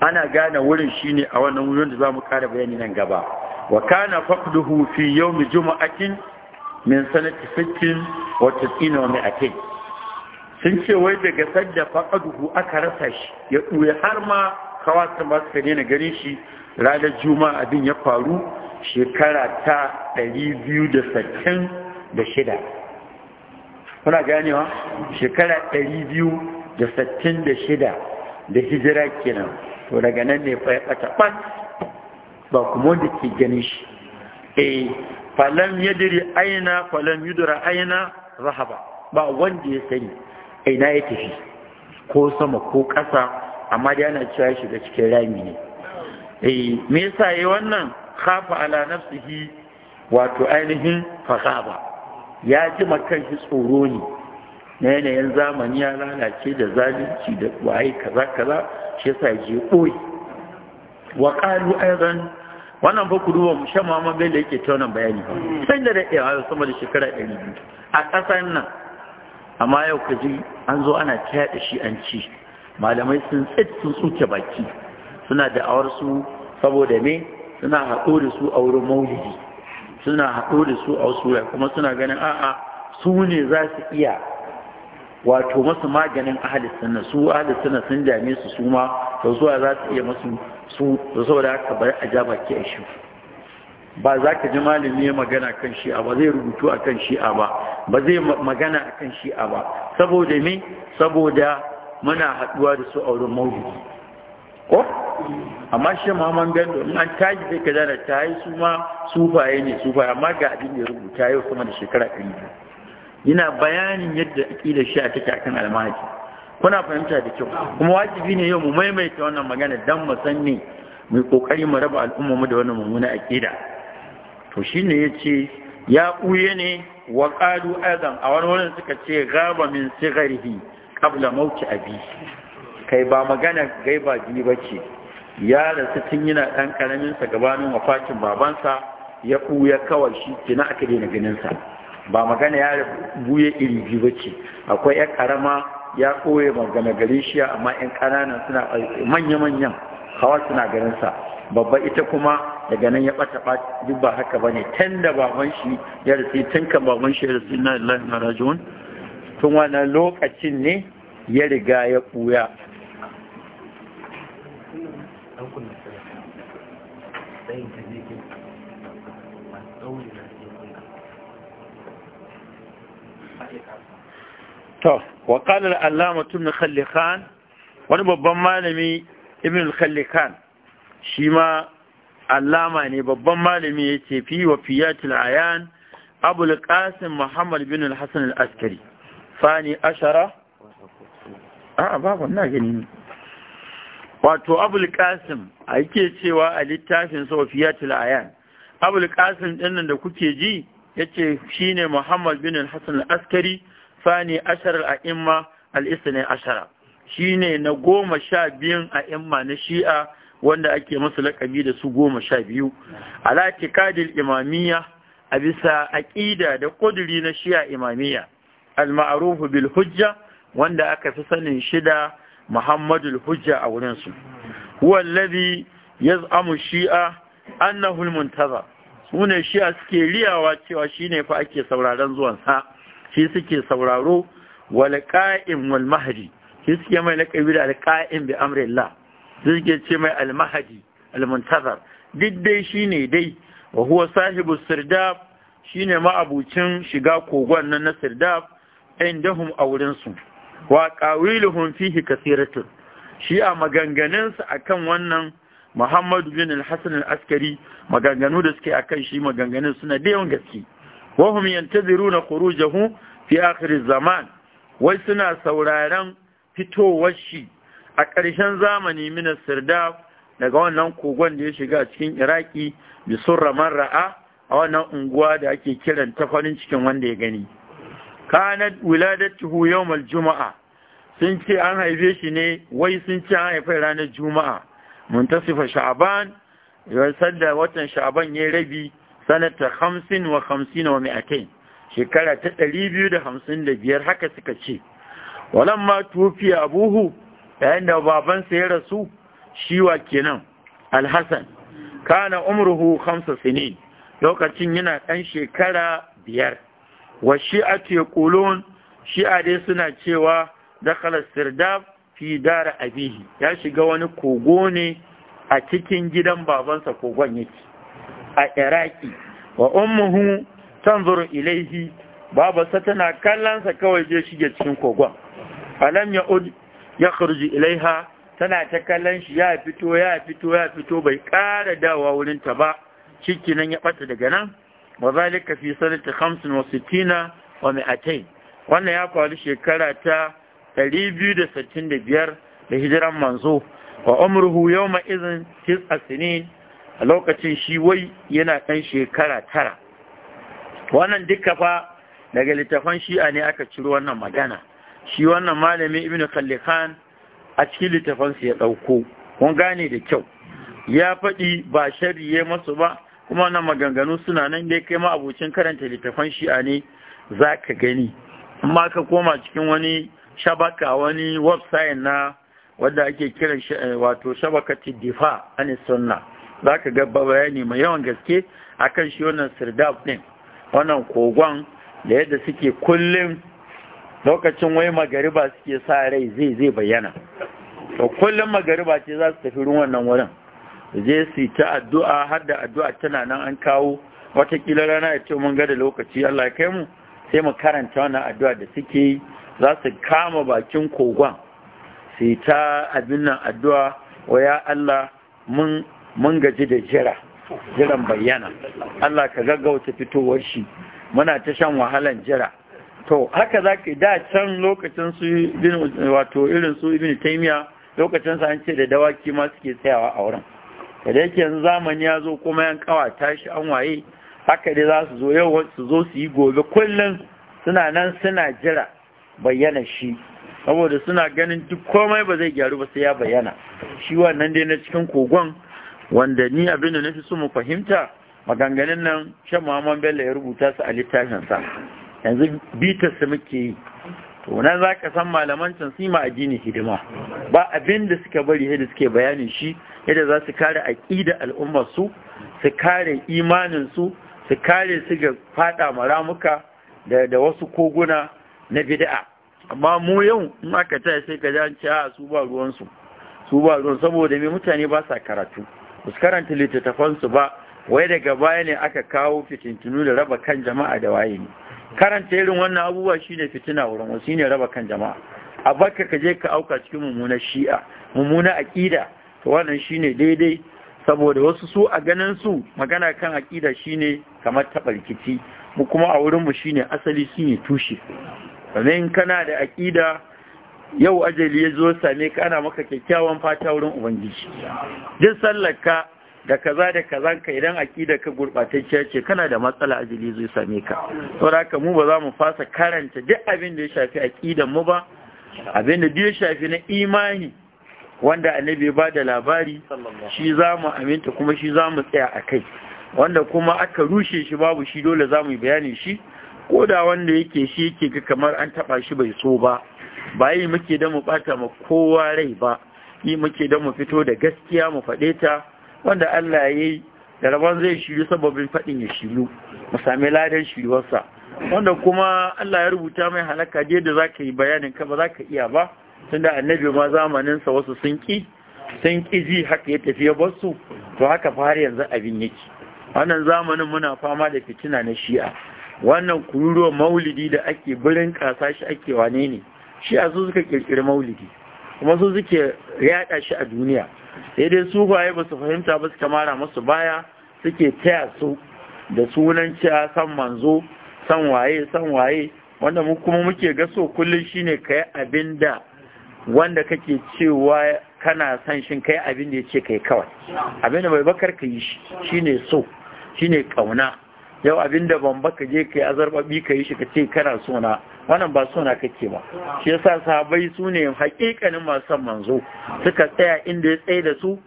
ana gane wurin shi ne a wannan wurin da za mu kara bayani nan gaba wa kana faɗuhu fi yawmi juma'akin min sanati 60 wa 90 wa sun ce wai daga sadda faƙaduhu aka rasa shi ya ɗuwe har ma kawatan ba ka daina ganin shi ranar juma'a abin ya faru shekara ta ɗari biyu da sattin da shida kuna ganewa shekara ɗari biyu da sattin da shida da hijira kenan to daga nan ne fa ya ɓata ɓat ba kuma wanda ke ganin shi eh falam yadiri aina falam yudura aina rahaba ba wanda ya sani ina ya tafi ko sama ko ƙasa amma dai ana cewa ya shiga cikin rami ne eh me yasa yayi wannan khafa ala nafsihi wato ainihin fasaba ya ji makan shi tsoro ne na yanayin zamani ya lalace da zalunci da waye kaza kaza shi yasa ya je koyi wa qalu aidan wannan fa ku duba mu shan ma bai da yake ta wannan bayani ba sai da da sama da shekara 100 a ƙasar nan amma yau ka ji an zo ana yaɗa shi an ci malamai sun sun tsuke baki suna da'awar su saboda me suna haɗo da su a wurin maulidi suna haɗo da su a wasu kuma suna ganin a'a su ne za su iya wato masu maganin ahalis sunna su ahalis sunna sun dame su su ma to zuwa za su iya masu su saboda haka bari a ja baki a shi ba za ka ji malami ya magana kan shi'a ba zai rubutu a kan shi'a ba ba zai magana a kan shi'a ba saboda me saboda muna haɗuwa da su a wurin ko amma shi maman gando in an taji zai kaza da ta yi su ma sufaye ne sufaye amma ga abin da ya rubuta yau sama da shekara ɗari yana bayanin yadda aƙidar shi'a take akan almahaki kuna fahimta da kyau kuma wajibi ne yau mu maimaita wannan magana don mu san ne mu kokari mu raba al'ummomi da wannan mummuna aƙida to ya ne ya ɓuye ne wa ƙalu adam a wani wurin suka ce gaba min sigarhi ƙabla a abi kai ba magana gaiba ji ba ce ya rasu tun yana ɗan ƙaraminsa gabanin wafakin babansa ya ɓuye kawai shi ce na aka daina ganinsa ba magana ya ɓuya iri biyu ba ce akwai ya ƙarama ya ɓoye magana gare shi amma ƴan ƙananan suna manya-manyan hawa suna ganinsa babba ita kuma daga nan ya ɓata ɓata duk ba haka ba ne tun da baban shi ya rasu tun kan baban shi ya rasu na lillahi na rajiun tun wani lokacin ne ya riga ya ɓuya to wa qala al-allama ibn khalli khan wani babban malami ibn khalli khan shi ma allama ne babban malami ya ce fi wa fiyatul ayan abul qasim muhammad bin al-hasan al-askari fani ashara a babu na gani wato abul qasim a cewa a littafin sa fiyatul ayan abul qasim din da kuke ji yace shine muhammad bin al-hasan al-askari fani ashara al-a'imma al-isna ashara shine na goma sha biyun a'imma na shi'a wanda ake masu laƙabi da su goma sha biyu ala tikadil imamiyya a bisa aƙida da ƙuduri na shiya imamiyya al-ma'rufu bil hujja wanda aka fi sanin shida muhammadul hujja a wurin su huwa alladhi yaz'amu shi'a annahu al sune shi'a suke riyawa cewa shine fa ake sauraron zuwan sa shi suke sauraro wal qa'im wal mahdi shi suke mai laƙabi da al-qa'im bi amrillah Zirgin ce mai almahadi almuntazar duk dai shine dai wa huwa sahibu sirdab shine ma'abucin shiga kogon nan na sirdab indahum a wurin su wa qawiluhum fihi kathiratun shi a maganganun su akan wannan Muhammadu bin al-Hasan al-Askari maganganu da suke akan shi maganganun suna da yawan gaske wa hum yantaziruna khurujahu fi akhir zaman wai suna sauraron fitowar shi a ƙarshen zamani minas sirdaf daga wannan kogon da ya shiga cikin iraki bi surra ra'a a wannan unguwa da ake kiran ta farin cikin wanda ya gani kana wiladatuhu yawmal juma'a sun ce an haife shi ne wai sun ce an haife ranar juma'a muntasifa sha'ban yarsar da watan sha'ban ya rabi sanata hamsin wa hamsin wa mi'atain shekara ta ɗari biyu da hamsin da biyar haka suka ce walamma tufi abuhu yayin da babansa ya rasu shiwa kenan alhassan kana umruhu khamsa sinin lokacin yana ɗan shekara biyar wa shi'a tekulun shi'a dai suna cewa dakala sirdab fi dara abihi ya shiga wani kogo ne a cikin gidan babansa kogon yake a iraki wa ummuhu tanzur ilaihi babarsa tana kallonsa kawai je shige cikin kogon alam ya ya kurji ilaiha tana ta kallon shi ya fito ya fito ya fito bai ƙara dawa wurin ta ba Cikinan nan ya ɓata daga nan wa zalika fi sanati 65 wa 200 wannan ya faru shekara ta 265 da hijiran manzo wa umruhu yawma idhin tis'a sinin a lokacin shi wai yana ɗan shekara tara wannan duka fa daga littafan shi'a ne aka ciro wannan magana shi wannan malami ibn kallikan a cikin littafansa ya ɗauko kun gane da kyau ya faɗi ba ya masu ba kuma wannan maganganu suna nan dai kai ma abocin karanta littafan shi'a ne za ka gani amma ka koma cikin wani shabaka wani website na wadda ake kiran eh, wato shabakati difa an sunna za ka ga bayani mai yawan gaske akan shi wannan sirdaf ɗin wannan kogon da yadda suke kullum lokacin wai magariba suke sa rai zai zai bayyana to kullum magariba ce za su tafi ruwan wannan wurin je su ta addu'a har da addu'a tana nan an kawo watakila rana ya ce mun ga da lokaci Allah ya kai mu sai mu karanta wannan addu'a da suke yi za su kama bakin kogon su ta abin nan addu'a wa ya Allah mun mun gaji da jira jiran bayyana Allah ka gaggauta fitowar shi muna ta shan wahalan jira to haka za ka da can lokacin su wato irin su ibini taimiya lokacin sa an ce da dawaki ma suke tsayawa a wurin da yake yanzu zamani ya zo kuma yan kawa shi an waye haka dai za su zo yau su zo su yi gobe kullum suna nan suna jira bayyana shi saboda suna ganin duk komai ba zai gyaru ba sai ya bayyana shi wannan dai na cikin kogon wanda ni abin da na fi so mu fahimta maganganun nan shan muhammad bello ya rubuta su a littafinsa yanzu bitarsa muke yi to nan za ka san malamancin su yi ma'ajini hidima ba abin da suka bari yadda suke bayanin shi yadda za su kare aƙida al'ummar su su kare imanin su su kare su ga fada maramuka da da wasu koguna na bid'a amma mu yau in aka taya sai ka ji an su ba ruwan su su ba ruwan saboda me mutane ba sa karatu su karanta littattafan su ba wai daga baya ne aka kawo fitintunu da raba kan jama'a da waye ne karanta irin wannan abubuwa shine fitina wurin wasu ne raba kan jama'a a baka ka je ka auka cikin mummuna shi'a mummuna aƙida to wannan shine daidai saboda wasu su a ganin su magana kan aƙida shine kamar taɓarkici mu kuma a wurin mu shine asali shine tushe sannan in kana da aƙida yau ajali ya zo same ka ana maka kyakkyawan fata wurin ubangiji din sallar ka da kaza da kaza ka idan akida ka gurbatacciya ce kana da matsala ajili zai same ka saboda mu ba za mu fasa karanta duk abin da ya shafi akidan mu ba abin da ya shafi na imani wanda annabi ba da labari shi za mu aminta kuma shi za mu tsaya a kai wanda kuma aka rushe shi babu shi dole za mu yi bayani shi ko da wanda yake shi yake ga kamar an taba shi bai so ba ba yi muke da mu bata ma kowa rai ba yi muke da mu fito da gaskiya mu faɗe ta wanda Allah ya yi da rabon zai shiru sababin faɗin ya shiru mu sami ladan shiruwarsa wanda kuma Allah ya rubuta mai halaka je da za ka yi bayanin ka ba za ka iya ba tunda annabi ma zamaninsa wasu sun ƙi sun ƙi ji haka ya tafi ya bar su to haka fa har yanzu abin yake wannan zamanin muna fama da fitina na shi'a wannan kururuwar maulidi da ake birin ƙasa shi ake wane ne shi'a su suka ƙirƙiri maulidi kuma su suke yaɗa shi a duniya sai dai su waye ba su fahimta ba su kamara masu baya suke taya su da sunan cewa ah, san manzo san waye san waye wanda mu kuma muke ga so kullun shine kai abin wanda kake cewa kana san shin kai abin da yace kai kawai abin bai bakar ka yi shi shine so shine kauna yau abinda da ban baka je kai azarbabi ka yi shi ka ce kana so na wannan ba suna kake ba shi yasa sahabbai su ne hakikanin masu manzo suka tsaya inda ya tsaye da su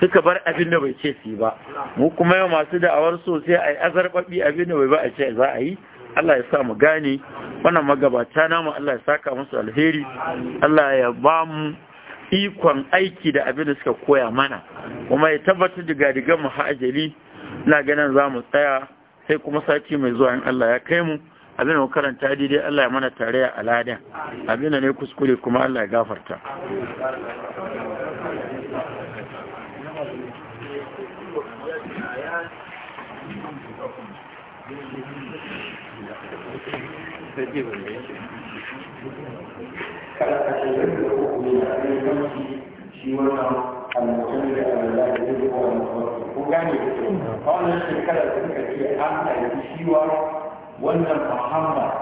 suka bar abin da bai ce su ba mu kuma yau masu da'awar so sai a yi azarbabi abin da bai ba a ce za a yi Allah ya sa mu gane wannan magabata namu Allah ya saka musu alheri Allah ya ba mu ikon aiki da abin da suka koya mana kuma ya tabbatar da gadigan mu ha'ajali Ina ganin za mu tsaya sai kuma sati mai zuwa in Allah ya kai mu abin da karanta daidai Allah ya mana tare a ladan abin da ne kuskure kuma Allah ya gafarta shi wannan المسلم لله يجب ان يكون وكان يقول قال الشركه التي wannan muhammad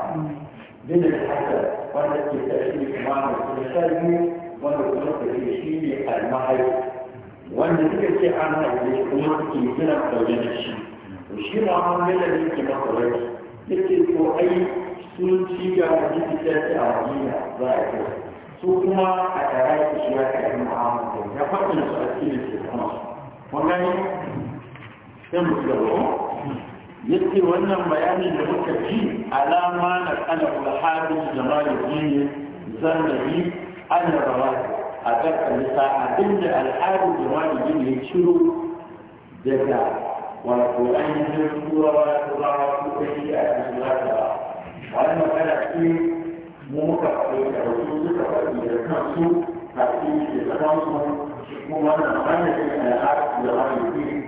bin al-hasan wanda ke tashi imamu kuma sarki wanda kuma tafi shi ne al wanda suka ce an haife kuma suke kira ɗauke da shi shi muhammad bin al ke masa wani yake ko ai sun ci ga wani fitar da za a kai su kuma a tare da shi ya kai muhammad ya faɗin su a cikin su kuma wannan sai mu ci gaba yake wannan bayanin da muka ji alama na kalar da jama'a ne zannabi an rawa a ƙarƙar nisa abinda al'adun jama'a ne ya ciro daga wato ainihin turawa turawa ko kai a cikin lafiya wani magana ce mu muka faɗi da wasu suka faɗi da kansu a cikin kansu kuma wannan magana ce al'adun jama'a ne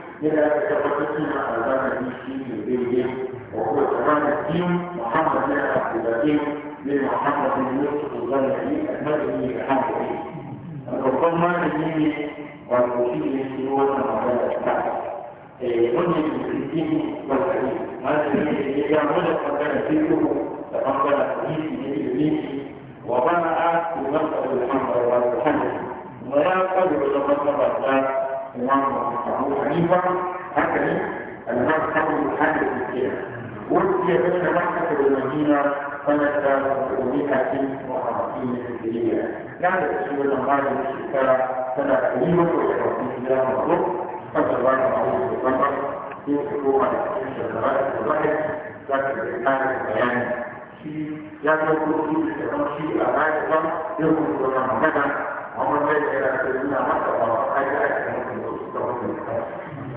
إذا تتفتنا ألبان بيشين بيجين وهو كمان الدين محمد بن عبد الباقين بن محمد بن يوسف الغني المدني الحمد لله الرقم ما تجيني والمشير سوى المعادلة الثانية مني الدين والحديث ما تجيني إذا مدى فكان فيكم تفضل حديث من الدين وبنى بمبدأ الحمد والحمد ولا قدر تفضل الله الإمام أبو حنيفة هكذا الإمام أبو حنيفة كثيرا وفي بين مكة والمدينة سنة 450 هجرية يعني الرسول المال الشتاء سنة قريبة ويكون في مبروك صلى الله عليه وسلم في حكومة الشجرات الواحد لكن الآن البيان شيء لا يكون في شيء أيضا يكون في رمضان ومن بين إلى سيدنا مكة وحاجة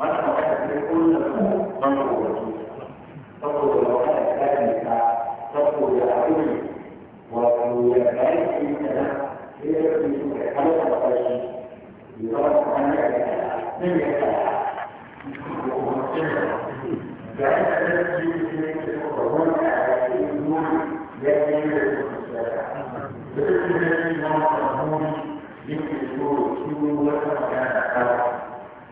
وانا لو كانت كل منظور تقول لو كانت كلمه تقول يا عمي ويا بني كلام هي التي تشوف حالتها الخارجيه يرى سبحانه وتعالى من يتعالى فأنت تجد في القرآن على النور يأتي إلى الشارع. بتجد في النور يمكن النور يكون وقت مكان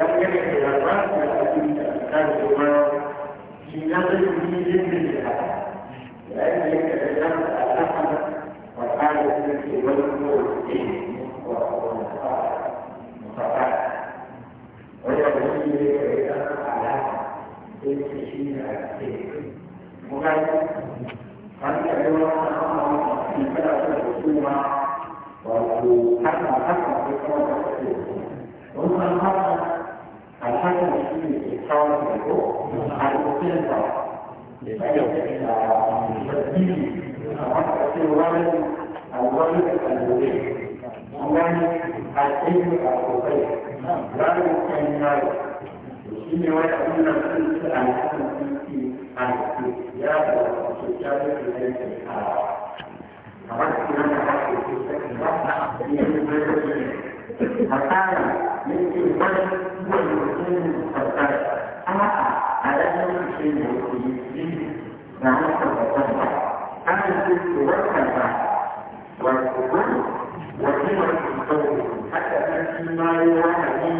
لم يمت إلى الرأس الأتي كان الإمام في نظر في جد هذا لأن الإمام الأحمد في وجهه الدين وصفاء ويقول لي على تسعين ألفين وقال قد يدور في ثلاثة خصومة وحتى حتى في ثلاثة خصومة وهم 他过去，他很多，他有建造，也有啊，历史，他还是关于，关于什么的？我们还是啊，了解，了解我们那个历史，以及啊，那个社会的那些啊，他把那个啊，那个文 فكان يمكن ذلك هو المسلم الصدق أما على المسلم المسلم نعرف الصدق كان الجزء والصدق والكفر وقيمة الصوم حتى فيما يوحي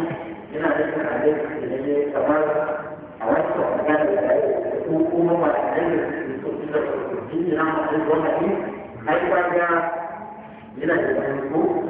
إلى ذلك عليك إليه كبر أوسط ذلك حكومة وحدية في الدين نعم الوحي أيضا إلى الجنوب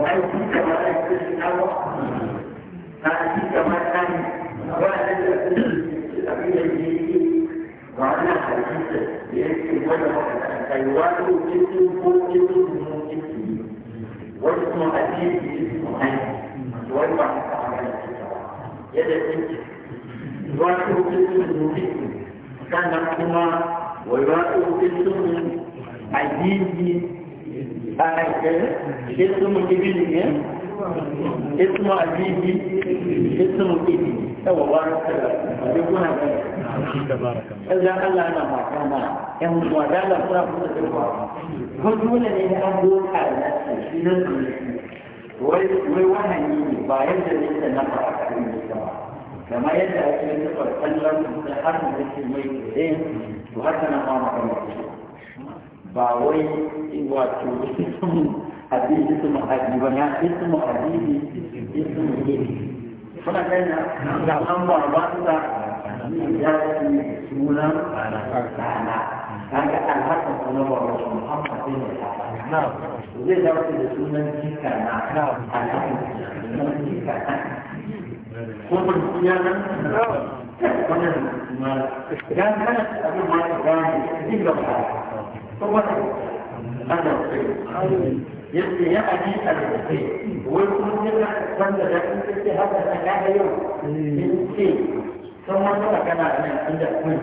وأنتيك ما أنتيك أول فأنتيك ما أنت ولا تدري وأنا حديث بأنت ولا أيوان جسم فوق جسم من جسمي واسم أبيك جسم أنت وأنا يدك يواجه جسم من جسمي كان كما ويواجه جسم من عينه arrêté ismu ibilinye ismu abibi ismu ibi yawon warin sarara da kuna gani ƙarfi da Allah na haka na ƴan zuwa dalar kuna kuma da kuwa ko dole ne da an zuwa a lafi na zuwa wai wahanyi ne ba yadda ne da na fara karin da sama kama yadda ake yi ta farkon lamun da har da ke mai ɗaya to haka na fara kamar kusurwa ba wai wato ismu hadisi ismu hadisi ba ya ismu hadisi ismu hadisi kuna kaina ga an ba ba ta ya ci sunan kana kaga alhaka kuma ba wata muhammad sai ne ta zai dawo da sunan jika na alhaka sunan jika na ko ban kuya nan wannan kuma dan kana abin ma ga jin gaba saboda ana kai yadda ya aji a rufe wai kuma yana wanda da kun kace haka na yau in ce sun wata magana a nan inda kun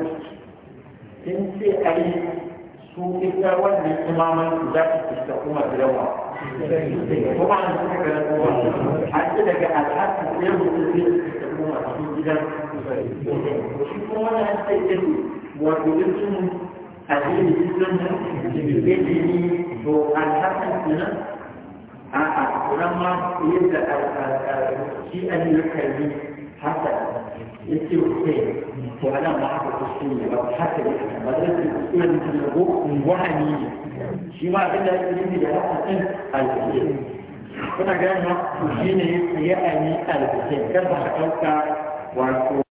in ce a yi su ita wannan imaman su za su fita kuma girma kuma an suka ga kowa A ce daga al'adu ne mutum zai fita kuma a cikin gidan shi kuma wannan sai ce wato yin hadisi sunan da bidini to al-hasan sunan a a kuran ma yadda shi an yi kalli hasan ya ce ke to ana ma haka kuskure ne ba haka ne ba zai ce kuskure ne kuma ko wahani ne shi ma abin da ake nufi da hasan din al-hasan kuna gani ma shi ne ya ani al-hasan kan ba ka ɗauka wato